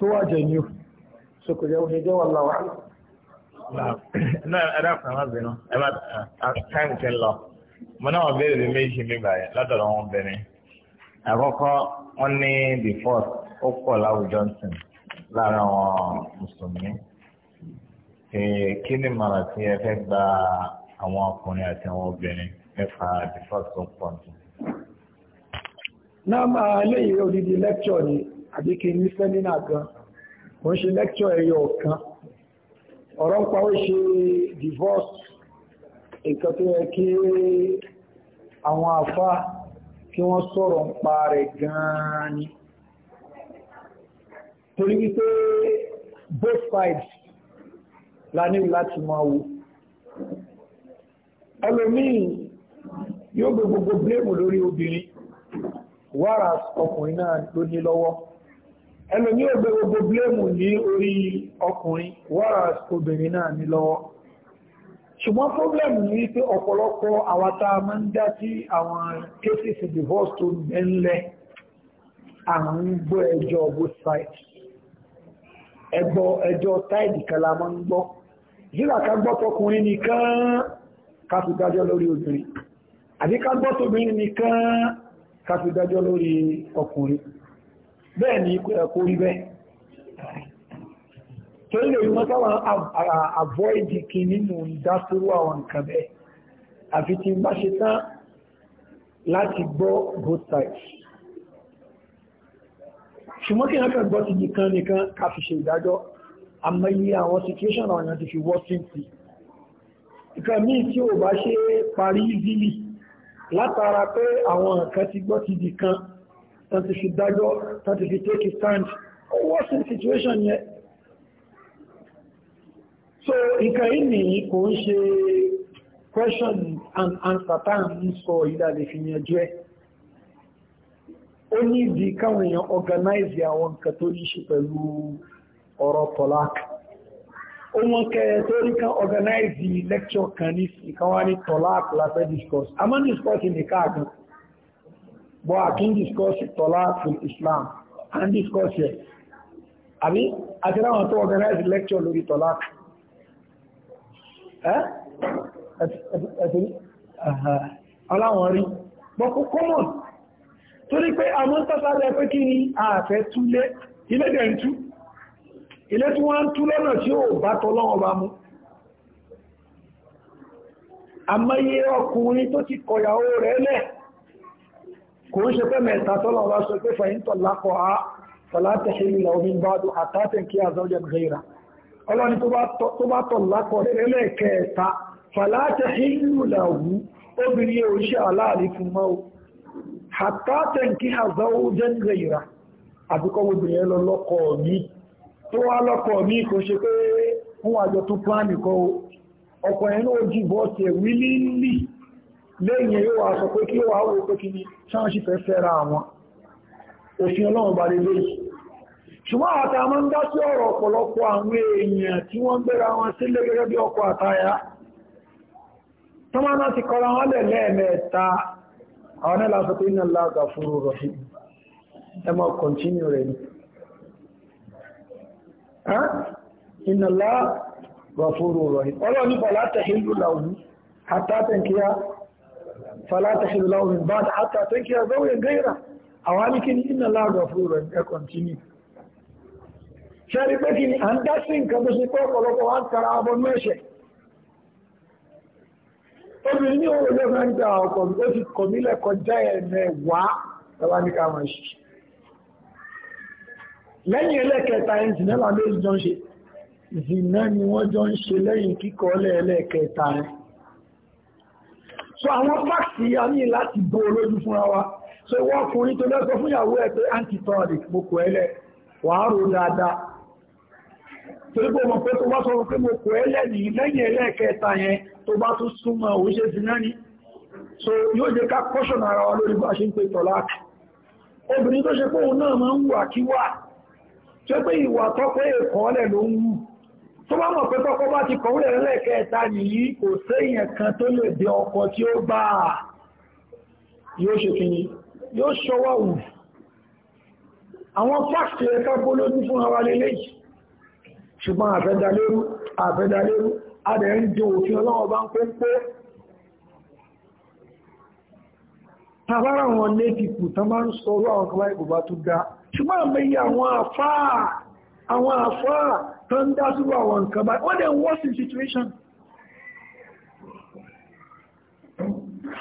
tó wà jẹ̀yìn so kò jẹ́ oṣù jẹ́ wà láwà. náà ẹ dákun ẹ má bínú ẹ má táìmù ti ń lọ mo náà wọn béèrè méjì nígbà yẹn lọ́dọ̀ wọn bẹ̀rẹ̀ àkọ́kọ́ wọn ní the fourth ó pọ̀ láwùjọ Johnson, lára àwọn mùsùlùmí kí ni màrà tí ẹ fẹ́ gba àwọn ọkùnrin àti àwọn obìnrin nípa the fourth tó pọ̀ nù. náà máa léyìn odidi lecture ni àbí kí ní sẹ́mínà kan wọ́n ṣe lẹ́kṣọ́ ẹ̀yọ ọ̀kan ọ̀rọ̀ ń pawó ṣe divorce nǹkan tó yẹ kí àwọn àfá kí wọ́n sọ̀rọ̀ ń pa rẹ̀ gan-an ni torí wípé both sides la ní láti máa wo ẹlòmíì yóò gbé gbogbo blame lórí obìnrin whereas ọkùnrin náà ló ní lọ́wọ́ ẹlòmí ò gbé gbogbo bléèmù ní orí ọkùnrin wọ́ra obìnrin náà ní lọ́wọ́ ṣùgbọ́n problem ní pé ọ̀pọ̀lọpọ̀ àwátá máa ń dá sí àwọn cases divorce tó gbẹ́ńlẹ̀ àwọn gbọ́ ẹjọ́ both sides ẹgbọ́ ẹjọ́ táìdì kan la máa ń gbọ́ yíra ká gbọ́ tọkùnrin nìkan ká fi dájọ́ lórí obìnrin àbí ká gbọ́ tóbìnrin nìkan ká fi dájọ́ lórí ọkùnrin bẹ́ẹ̀ ni kò rí bẹ́ẹ̀ torí lè rí mọ́tàwà àbọ́ìdì kí nínú ìdásúrú àwọn nǹkan bẹ́ẹ̀ àfi tí bá ṣe tán láti gbọ́ both sides ṣùgbọ́n kí náà gbọ́ ti nìkan nìkan ká fi ṣe ìdájọ́ àmọ́yí àwọn situation àwọn èèyàn ti fi wọ́sìn sí ìkan míì tí ò bá ṣe parí easily látara pé àwọn nǹkan ti gbọ́ ti nìkan tàti fi that tàti fi take a stand what's the situation yẹn so ìkà ìní kò ń ṣe question and answer times for either the ìdàlẹ̀ Only the county ó ní ìdí káwọn èèyàn organize àwọn nǹkan tó ní ṣe pẹ̀lú ọ̀rọ̀ tọ́lák ó wọ́n kẹ́ tó rí kan organize lecture kan ní ìkàwọn ní tọ́lák láfẹ́ discuss a máa ń but I can discuss tọ́lá fún Islam and discuss it. àbí àti láwọn tó organize lecture lórí tọ́lá aláwọn rí on common torí pé a mọ́ tásáré pé kí ni ààfẹ́ túlé ilé dẹ̀ ń tú ilé tí wọ́n ń tú lọ́nà tí ó bá tọ́lọ́wọ́ bá mú àmọ́ iye ọkùnrin tó ti kọ̀yàwó rẹ̀ lẹ́ẹ̀ kò ń ṣe pé mẹ́ta tọ́lọ̀ wá sọ pé ṣe ìlà omi bá dùn àtàtẹ̀ kí àzọ́jẹ̀ tó bá tọ̀ lápọ̀ ẹlẹ́ẹ̀kẹta fàlátẹ̀ ṣe ìlà wú obìnrin oríṣẹ́ aláàrí fún mọ́ kí àbíkọ́ obìnrin lọ́kọ̀ mi tó wá lọ́kọ̀ mi kò ṣe pé tó ọkọ̀ ẹ̀nà ojú lẹ́yìn yóò wà sọ pé kí wà wò pé kí ni sáwọn fẹ́ra wọn òfin ọlọ́run bá lélé yìí ṣùgbọ́n àti a máa ń dá sí ọ̀rọ̀ ọ̀pọ̀lọpọ̀ àwọn èèyàn tí wọ́n ń gbéra wọn sílé gẹ́gẹ́ bí ọkọ àtaya tọ́mọ́nà ti kọ́ra wọn lẹ̀ lẹ́ẹ̀mẹ́ta àwọn nílá fala tahillu lahu min ba'd hatta tankiha zawjan ghayra awalikin inna Allaha ghafurun ẹ kọ̀ntínú ṣẹ́rí pé kí ni à ń dá sí nǹkan tó ṣe pé ọ̀pọ̀lọpọ̀ wá ń tara ọmọ mẹ́ṣẹ̀ obìnrin ní òun ló máa ń gba ọkọ̀ ó ti kọ̀ nílẹ̀ kọjá ẹ̀mẹ̀ wá ẹwà ní ká máa ṣe lẹ́yìn ẹlẹ́kẹta ẹ̀ zìnà làbẹ́ ìjọ ń ṣe zìnà ni wọ́n jọ ń ṣe lẹ́yìn kíkọ́ ẹlẹ́kẹta rẹ̀ so àwọn fáàkì a ní láti bo olójú fúnra wa so ìwọ ọkùnrin tó lẹ́sọ fún ìyàwó ẹ̀ pé antitonic mo kò ẹlẹ̀ wàá rò dáadáa torí pé mo pé tó bá sọ pé mo kò ní lẹ́yìn ẹlẹ́ẹ̀kẹta yẹn tó bá tún súnmọ́ òun sí náà ni so yóò jẹ́ ká kọ́ṣọ̀nà ara wa lórí bá ṣe ń pè tọ́láàkì obìnrin tó ṣe pé òun náà máa ń wà kí wà tí ó tó bá mọ̀ pé tọ́kọ bá ti kọ̀wé ẹ̀lẹ́kẹta nìyí kò séèyàn kan tó lè dé ọkọ tí ó bá yóò ṣe kí ni yóò ṣọwọ́ wù àwọn fásitì ẹ̀ka gbólójú fún ara lélẹ́yìí ṣùgbọ́n àfẹ́dalérú àfẹ́dalérú adẹ̀ ń jẹ òfin ọlọ́wọ́ bá ń pé ń tàbára wọn létìkù tán máa ń sọ̀rọ̀ àwọn kọlá ìgbòbá tó dá ṣùgbọ́n àmì àwọn àfáà àwọn àfáà tó ń dá sí àwọn nǹkan báyìí wọ́n dẹ̀ worse in situation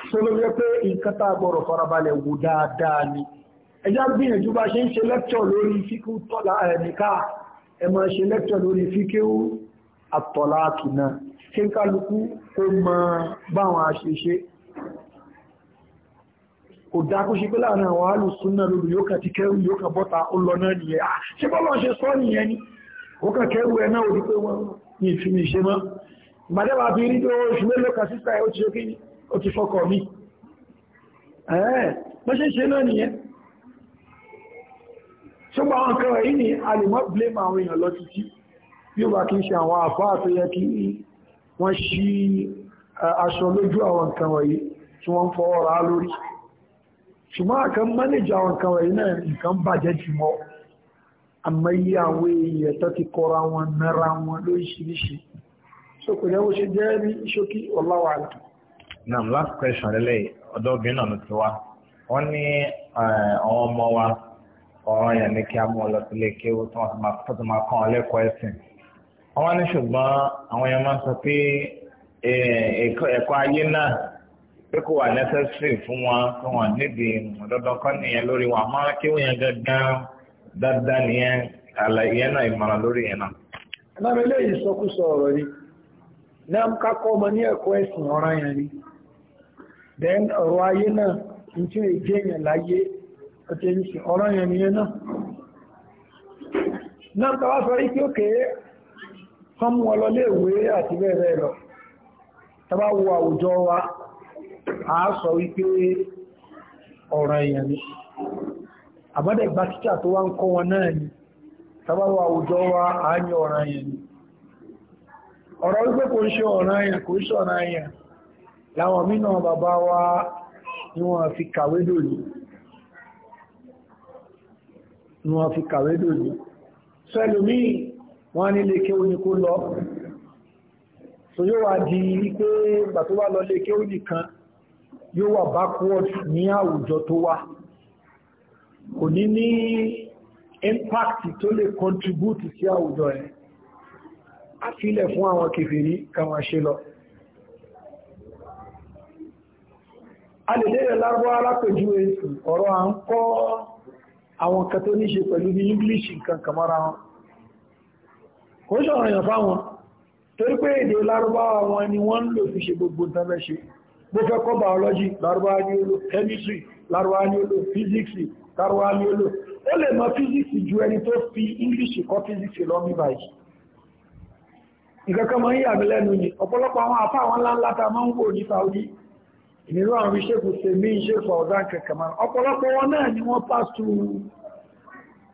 so ló yẹ pé nǹkan tá gbọ́rọ̀ farabalẹ̀ wò dáadáa ni ẹjá gbìyànjú bá ṣe ń ṣe lẹ́kṣọ̀ lórí fíkú tọ́lá ẹ̀nìká ẹ máa ṣe lẹ́kṣọ̀ lórí fíkú àtọ̀láàkì náà ṣe ń kálukú kó mọ báwọn àṣeṣe kò dá ó kàkẹ́rù ẹ̀ náà òdí pé wọ́n ní ìfìmì ṣe mọ́ ìgbàdẹ́wà bí rí tó oṣù mélòó kà ẹ̀ ó ti ṣókí ti fọkọ̀ mí ẹ̀ẹ́ bó náà nìyẹn ṣùgbọ́n àwọn kan wọ̀nyí ni a lè mọ́ blame àwọn èèyàn lọ títí bí ó bá kí ń ṣe àwọn àfáà tó yẹ kí wọ́n ṣí aṣọ lójú àwọn nǹkan wọ̀nyí tí wọ́n ń fọwọ́ ra lórí ṣùgbọ́n àkan mọ́nèjì àwọn nǹkan wọ̀nyí náà nǹkan bàjẹ́ jù mọ́ àmọ́ iye àwọn èèyàn tó ti kọra wọn nára wọn lóríṣiríṣi so kò jẹ́ bó ṣe jẹ́ ní ṣókí ọláwà rẹ̀. last question lélẹ̀ ọ̀dọ́ náà ló ti wá wọ́n ní àwọn ọmọ wa ọ̀ràn yẹn ní kí a mú ọ lọ sílé kí ó tó tó máa kàn án lẹ́kọ̀ọ́ ẹ̀sìn wọ́n ní ṣùgbọ́n àwọn èèyàn máa ń sọ pé ẹ̀kọ́ ayé náà pé kò wà necessary fún wọn kí wọ́n nídìí ọ̀dọ́dọ́ kọ́ nìyẹn lórí wọn àmọ́ kí wọ́n yẹn gangan dáadáa nìyẹn àlàyé yẹn náà ìmọ̀ràn lórí yẹn náà. lára eléyìí sọkúsọ ọ̀rọ̀ ni náà ń kákọ́ ọmọ ní ẹ̀kọ́ ẹ̀sìn ni then ọ̀rọ̀ ayé náà ní tí ó jẹ́ láyé ọ̀tẹ̀ ní sìn ọ̀ràn yẹn nìyẹn náà. náà tọ́wá sọ rí pé mú lọ àbádẹ́ ìgbà títà tó wá ń kọ́ wọn náà ni sábáwà àwùjọ wa àányẹ ọ̀ràn yẹn ni ọ̀rọ̀ wípé kò ń ṣe ọ̀ràn yẹn kò ń ṣe ọ̀ràn yẹn láwọn mínà bàbá wa ni wọ́n fi kàwé dòní ni wọ́n fi kàwé dòní sẹ́lùmí wọ́n nílé kéwú ni kó lọ so yóò wá di wípé ìgbà tó wá lọ lé kéwú nìkan yóò wà backward ní àwùjọ tó wà kò ní ní impact tó lè contribute sí àwùjọ ẹ̀ a filẹ̀ fún àwọn kèfèrí káwọn ṣe lọ a lè lè lárúbọ́ alápẹ̀jú èsì ọ̀rọ̀ à ń kọ́ àwọn kan ní ṣe pẹ̀lú ní English nǹkan kàmára wọn kò ṣọ̀rọ̀ èèyàn fáwọn torí pé èdè lárúbáwá wọn ni wọ́n ń lò fi ṣe gbogbo tẹ́lẹ̀ ṣe bó fẹ́ kọ́ biology lárúbáwá ni ó lò chemistry lárúbáwá ni ó lò physics tàrọ alólò ó lè mọ físíkì ju ẹni tó fi english kọ́ físíkì lọ mí báyìí ìkankan mọ́ ń yà mí lẹ́nu ni ọ̀pọ̀lọpọ̀ àwọn àfá àwọn ńláńlá ta máa ń wò ní saudi ìnirú àwọn ìṣèkù sèmí ìṣèkù ọ̀dán kẹkẹ máa ọ̀pọ̀lọpọ̀ wọn náà ni wọ́n pass through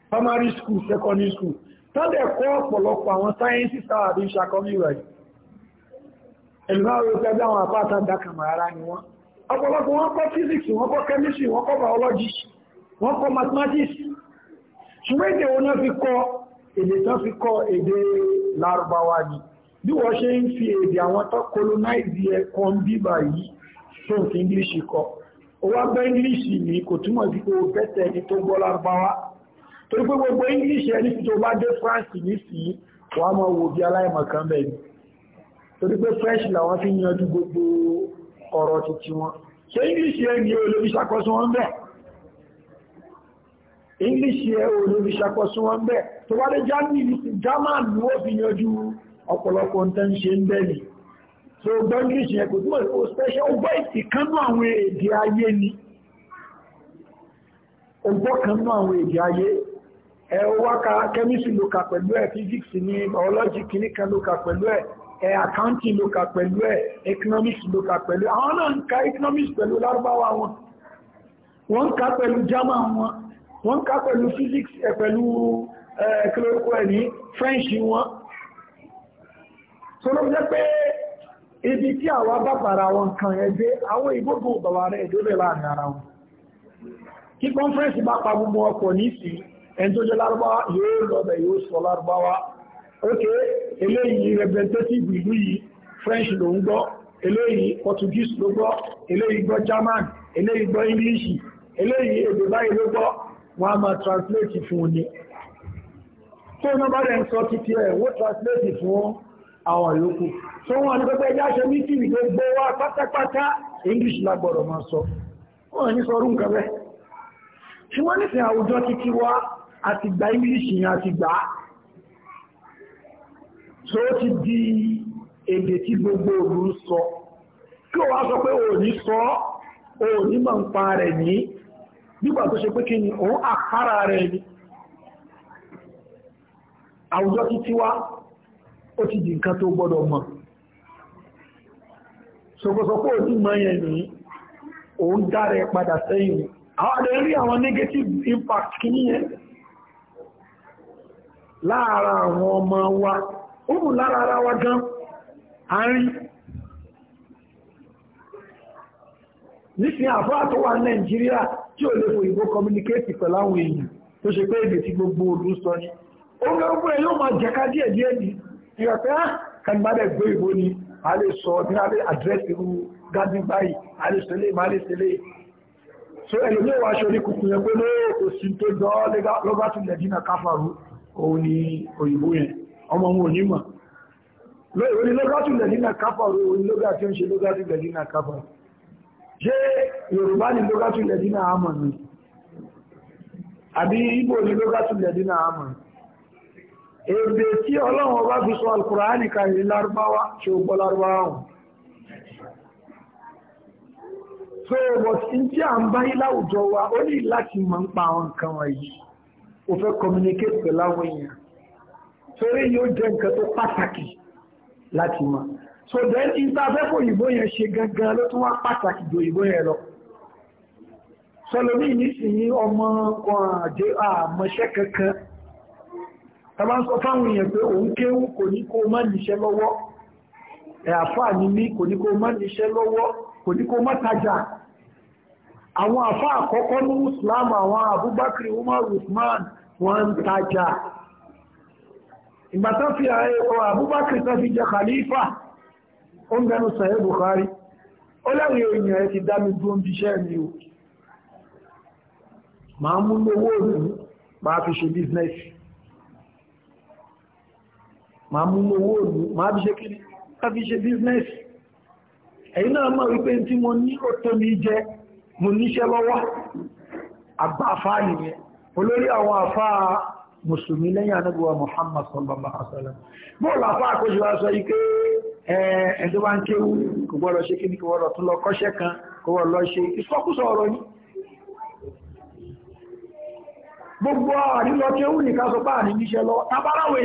primary school secondary school tọ́dẹ̀ kọ́ ọ̀pọ̀lọpọ̀ àwọn sáyẹ́nsì sáàbí ìṣàkọ́mí rẹ̀ ẹ̀lùmọ́ orílẹ̀ bí àwọn àpáta dákàmà ni wọ́n ọ̀pọ̀lọpọ̀ wọ́n kọ́ physics wọ́n kọ́ chemistry wọ́n wọ́n kọ́ mathematics ṣùgbọ́n èdè wọn náà fi kọ́ èdè tán fi kọ́ èdè lárúbáwá ni bí wọ́n ṣe ń fi èdè àwọn tó colonize ẹ̀kọ́ ń bíbà yìí tó ń fi English kọ́ ó wá gbọ́ English ní kò túmọ̀ sí pé ó bẹ́tẹ̀ ẹni tó gbọ́ lárúbáwá torí pé gbogbo English ẹni tó bá dé France nísìnyí wàá máa wo bí aláìmọ̀kan bẹ̀ ni torí pé French làwọn fi yanjú gbogbo ọ̀rọ̀ titi bẹ́ẹ̀ english yẹ olórí ṣàkóso wọn bẹ́ẹ̀ tó wá lé german ni fi yanjú ọ̀pọ̀lọpọ̀ ń ṣe ń so gbọ́ english yẹ kò túnmọ̀ ó special ó ìkánú àwọn èdè ayé ni ó àwọn èdè ayé ẹ wá ka chemistry ló kà ni biology kìíní kan ló ẹ accounting ló pẹ̀lú economics ló pẹ̀lú àwọn náà ń wọn ka pẹ̀lú german wọn wọ́n ká pẹ̀lú physics ẹ̀ pẹ̀lú ẹ̀kẹ́lẹ́kọ́ ẹ̀ ní French wọn tó ló jẹ́ pé ibi tí àwọn bàbára wọn kan ẹgbẹ́ àwọn ìgbógun bàbá rẹ̀ ìdóbẹ̀ láàrin ara wọn kí conference bá pa gbogbo ọkọ̀ níìsí ẹni tó jẹ́ lárúbáwá yóò lọ́bẹ̀ yóò sọ lárúbáwá ok eléyìí representative ìlú yìí French ló ń gbọ́ eléyìí Portuguese ló gbọ́ eléyìí gbọ́ German eléyìí gbọ́ English eléyìí èdè báyìí ló gbọ́ wọ́n á máa translate fún un ní tó iná bá rẹ̀ ń sọ títí ẹ̀ wọ́n translate fún àwọn yòókù tó wọ́n ní pẹ́pẹ́ ẹjá ṣe ní tìrì tó gbọ́ wá pátápátá English lágbọ̀rọ̀ máa sọ wọ́n ní sọ rúnkà bẹ́ ṣe wọ́n nífẹ̀ẹ́ àwùjọ títí wá àti gba English yẹn àti gbà á tó ti di èdè tí gbogbo òru sọ kí o sọ pé òní sọ òní mọ̀ ń pa rẹ̀ ní nígbà tó ṣe pé kí ni òun àpárá rẹ̀ ni àwùjọ ti ó ti di nǹkan tó gbọ́dọ̀ mọ̀ mọ́ yẹn ni òun dáre padà sẹ́yìn àwọn àdẹ̀ rí àwọn negative impact kìí yẹn láàárín àwọn ọmọ wa ó mú lára ara n'isi afọ atọwa naijiria nàìjíríà tí ò lè fò ìbò communicate pẹ̀lú àwọn èèyàn tó ṣe pé èdè gbogbo olú sọ ni ó ń yóò máa díẹ̀ díẹ̀ ìrọ̀pẹ́ ah, gbé ìbò ni a lè sọ ní abẹ́ àdírẹ́sì irú gádín báyìí a lè sẹlẹ̀ ma lè sẹlẹ̀ so ẹlòmí ò wá aṣọ yẹn pé lóò sí tó jọ káfàrú òun ni òyìnbó yẹn ọmọ òun ò ní mọ̀ lóò ìwé ni lọ́gbà ṣé yorùbá ni lókàtù lẹ́dínà àmọ̀ ni àbí ìgbò ni lókàtù lẹ́dínà àmọ̀ èdè tí ọlọ́run ọba fi sọ alkùránì kàrí lárúbáwá tí ó gbọ́ lárúbáwá hùn so but in tí a ń bá yí láwùjọ wa ó ní láti mọ̀ ń pa àwọn nǹkan wọ̀nyí ó fẹ́ communicate pẹ̀lú àwọn èèyàn torí yóò jẹ́ nǹkan tó pàtàkì láti mọ̀ so then ìtafẹ́fò òyìnbó yẹn ṣe gangan ló tún wá pàtàkì ju òyìnbó yẹn lọ sọlọ́mí nísìnyí ọmọ kan àjẹ́ àmọ́ṣẹ́ kankan tàbá ń sọ fáwọn èèyàn pé òun kéwú kò ní kó má níṣẹ́ lọ́wọ́ àfáà ní mí kò ní kó má níṣẹ́ lọ́wọ́ kò ní kó má tajà àwọn àfáà àkọ́kọ́ ní Islam àwọn Abubakar Umar Usman wọ́n ń tajà ìgbà tán fi ààrẹ Abubakar tán fi jẹ khalifa ó ń bẹnu sọ̀yẹ́ Bukhari ó láwọn èèyàn ẹ ti dá mi dúró ń bíṣẹ́ mi o máa mú lówó òní máa fi ṣe bísínẹ́sì máa mú lówó òní máa fi ṣe kíni máa fi ṣe bísínẹ́sì ẹ̀yìn náà mọ̀ wípé tí mo ní ó mi jẹ mo níṣẹ́ lọ́wọ́ àgbà àfáà nìyẹn olórí àwọn àfáà mùsùlùmí lẹ́yìn anábíwá Muhammad sallallahu alaihi wasallam bóòlù àpá àkójọ aṣọ ike ẹ̀ẹ́n tó bá ń kéwú kò gbọ́dọ̀ ṣe kí ní kò gbọ́dọ̀ tún lọ kọ́ṣẹ́ kan kò gbọ́dọ̀ lọ ṣe ìsọkúsọ ọ̀rọ̀ ni gbogbo àrílọ kéwú nìkan sọ pé àní níṣẹ́ lọ tabaráwọ̀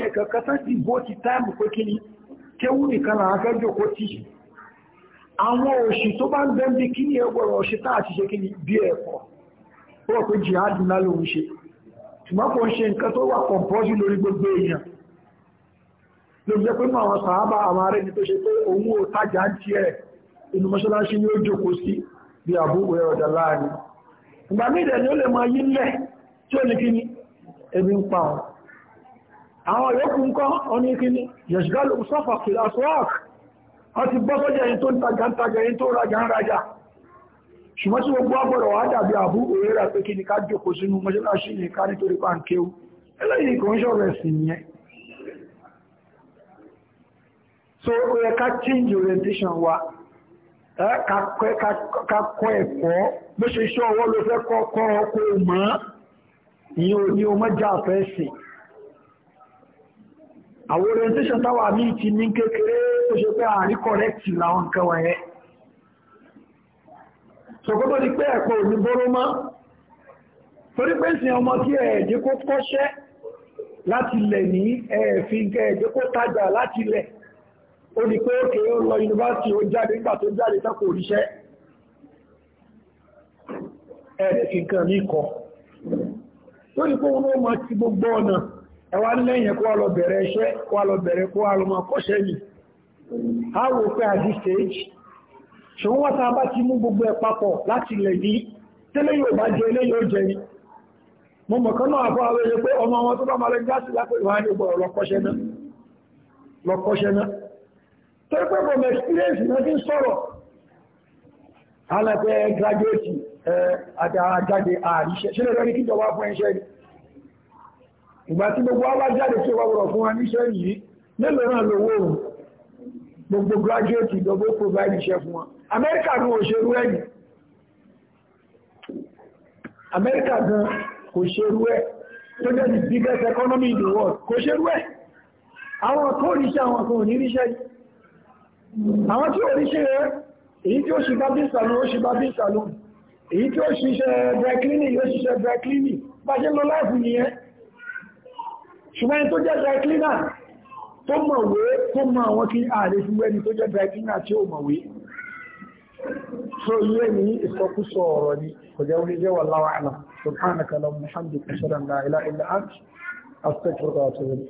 èèyàn ṣùgbọ́n kò ń ṣe nǹkan tó wà kọ̀m̀pọ́sí lórí gbogbo èèyàn ló jẹ́ pé àwọn sàábà àwọn ará ẹni tó ṣe pé òun ò tajà ń tiẹ̀ inú mọ́ṣáláṣí ni ó jókòó sí bí àbúrò ẹ̀rọ ọ̀dà láàrin ìgbà míì dẹ̀ ni ó lè mọ yí lẹ̀ tí ó ní kí ni ebi ń pa wọn àwọn yòókù nǹkan ọní kí ni yẹ̀ṣùgá ló sọ́fà fìlà sọ́ọ̀kì wọ́n ti bọ́ sọ́jà yìí tó ń tajà ń tajà yìí tó rajà ń rajà ṣùgbọ́n tí gbogbo agbọ́rọ̀ wá dàbí àbú òwúrẹ́ra pé kí ni ká jòkó sínú mọ́ṣáláṣí ní ká nítorí pàǹkéwú eléyìí kò ń ṣọ̀rọ̀ ẹ̀sìn yẹn so ó yẹ ká change orientation wa ká kọ́ ẹ̀kọ́ bó ṣe ṣọ́ ọwọ́ ló fẹ́ kọ́ kọ́ ọkọ̀ mọ́ ìyẹn ò ní o mọ́jà fẹ́ sìn àwọn orientation táwa míì ti ní kékeré ó ṣe pé àárín correct làwọn nǹkan wọ̀nyẹn sọ̀kọ́tọ́ di pé ẹ̀kọ́ òní bóró mọ́ torí pé sí ọmọ tí ẹ̀ẹ̀dẹ́ kó kọ́ṣẹ́ láti lẹ̀ ní ẹ̀ẹ̀fin kẹ́ẹ̀dẹ́ kó tajà láti lẹ̀ ó di pé òkè ó lọ yunifásitì ó jáde nígbà tó jáde tọ́kọ̀ òríṣẹ́ ẹ̀ẹ̀fin kan ní ikọ̀ tó di pé òun ó mọ ti gbogbo ọ̀nà ẹwà lẹ́yìn kó wà lọ bẹ̀rẹ̀ iṣẹ́ kó stage ṣòwọ́n wọ́n tàbá ti mú gbogbo ẹ̀ papọ̀ láti ilẹ̀ yìí tẹ́lẹ̀ yóò bá jẹ ilé yóò jẹ ni mo mọ̀ kán náà fọ́ àwọn èyí pé ọmọ wọn tó bá máa lọ gáàsì lápẹ́ ìwà ní ọgbọ̀rọ̀ lọ́kọ́ṣẹ́ náà lọ́kọ́ṣẹ́ náà tẹ́lẹ̀ pé from experience náà ti ń sọ̀rọ̀ alẹ́pẹ́ graduate àjáde àríṣẹ́ ṣe lè rẹ́rí kíjọba fún ẹṣẹ́ ni ìgbà tí gbogbo wa jáde tí ó wà wọ̀rọ̀ fún wa níṣẹ́ yìí mélòó náà lówó òun gbogbo graduate gbogbo provide iṣẹ́ fún wọn amẹ́ríkà ní òṣèrú ẹ̀yìn amẹ́ríkà gan kò ṣerú ẹ̀ tó jẹ́ the biggest economy in the world kò ṣerú ẹ̀ àwọn kó ríṣẹ́ àwọn kan ò ní ríṣẹ́ àwọn tí ó ríṣẹ́ rẹ̀ èyí tí ó ṣe bábí salon ó ṣe bábí salon èyí tí ó ṣiṣẹ́ dry cleaning yóò ṣiṣẹ́ dry cleaning bá ṣe lọ láìpù nìyẹn ṣùgbọ́n tó jẹ́ dry cleaner tó mọ̀wé tó mọ̀ àwọn kí ààrẹ fi wẹ́ni tó jẹ́ dàíkínà tí ó mọ̀wé so yé ní ìsọkúsọ ọ̀rọ̀ ni kò jẹ́ orí jẹ́ wallahu a'lam subhanaka allahumma wa bihamdika ashhadu an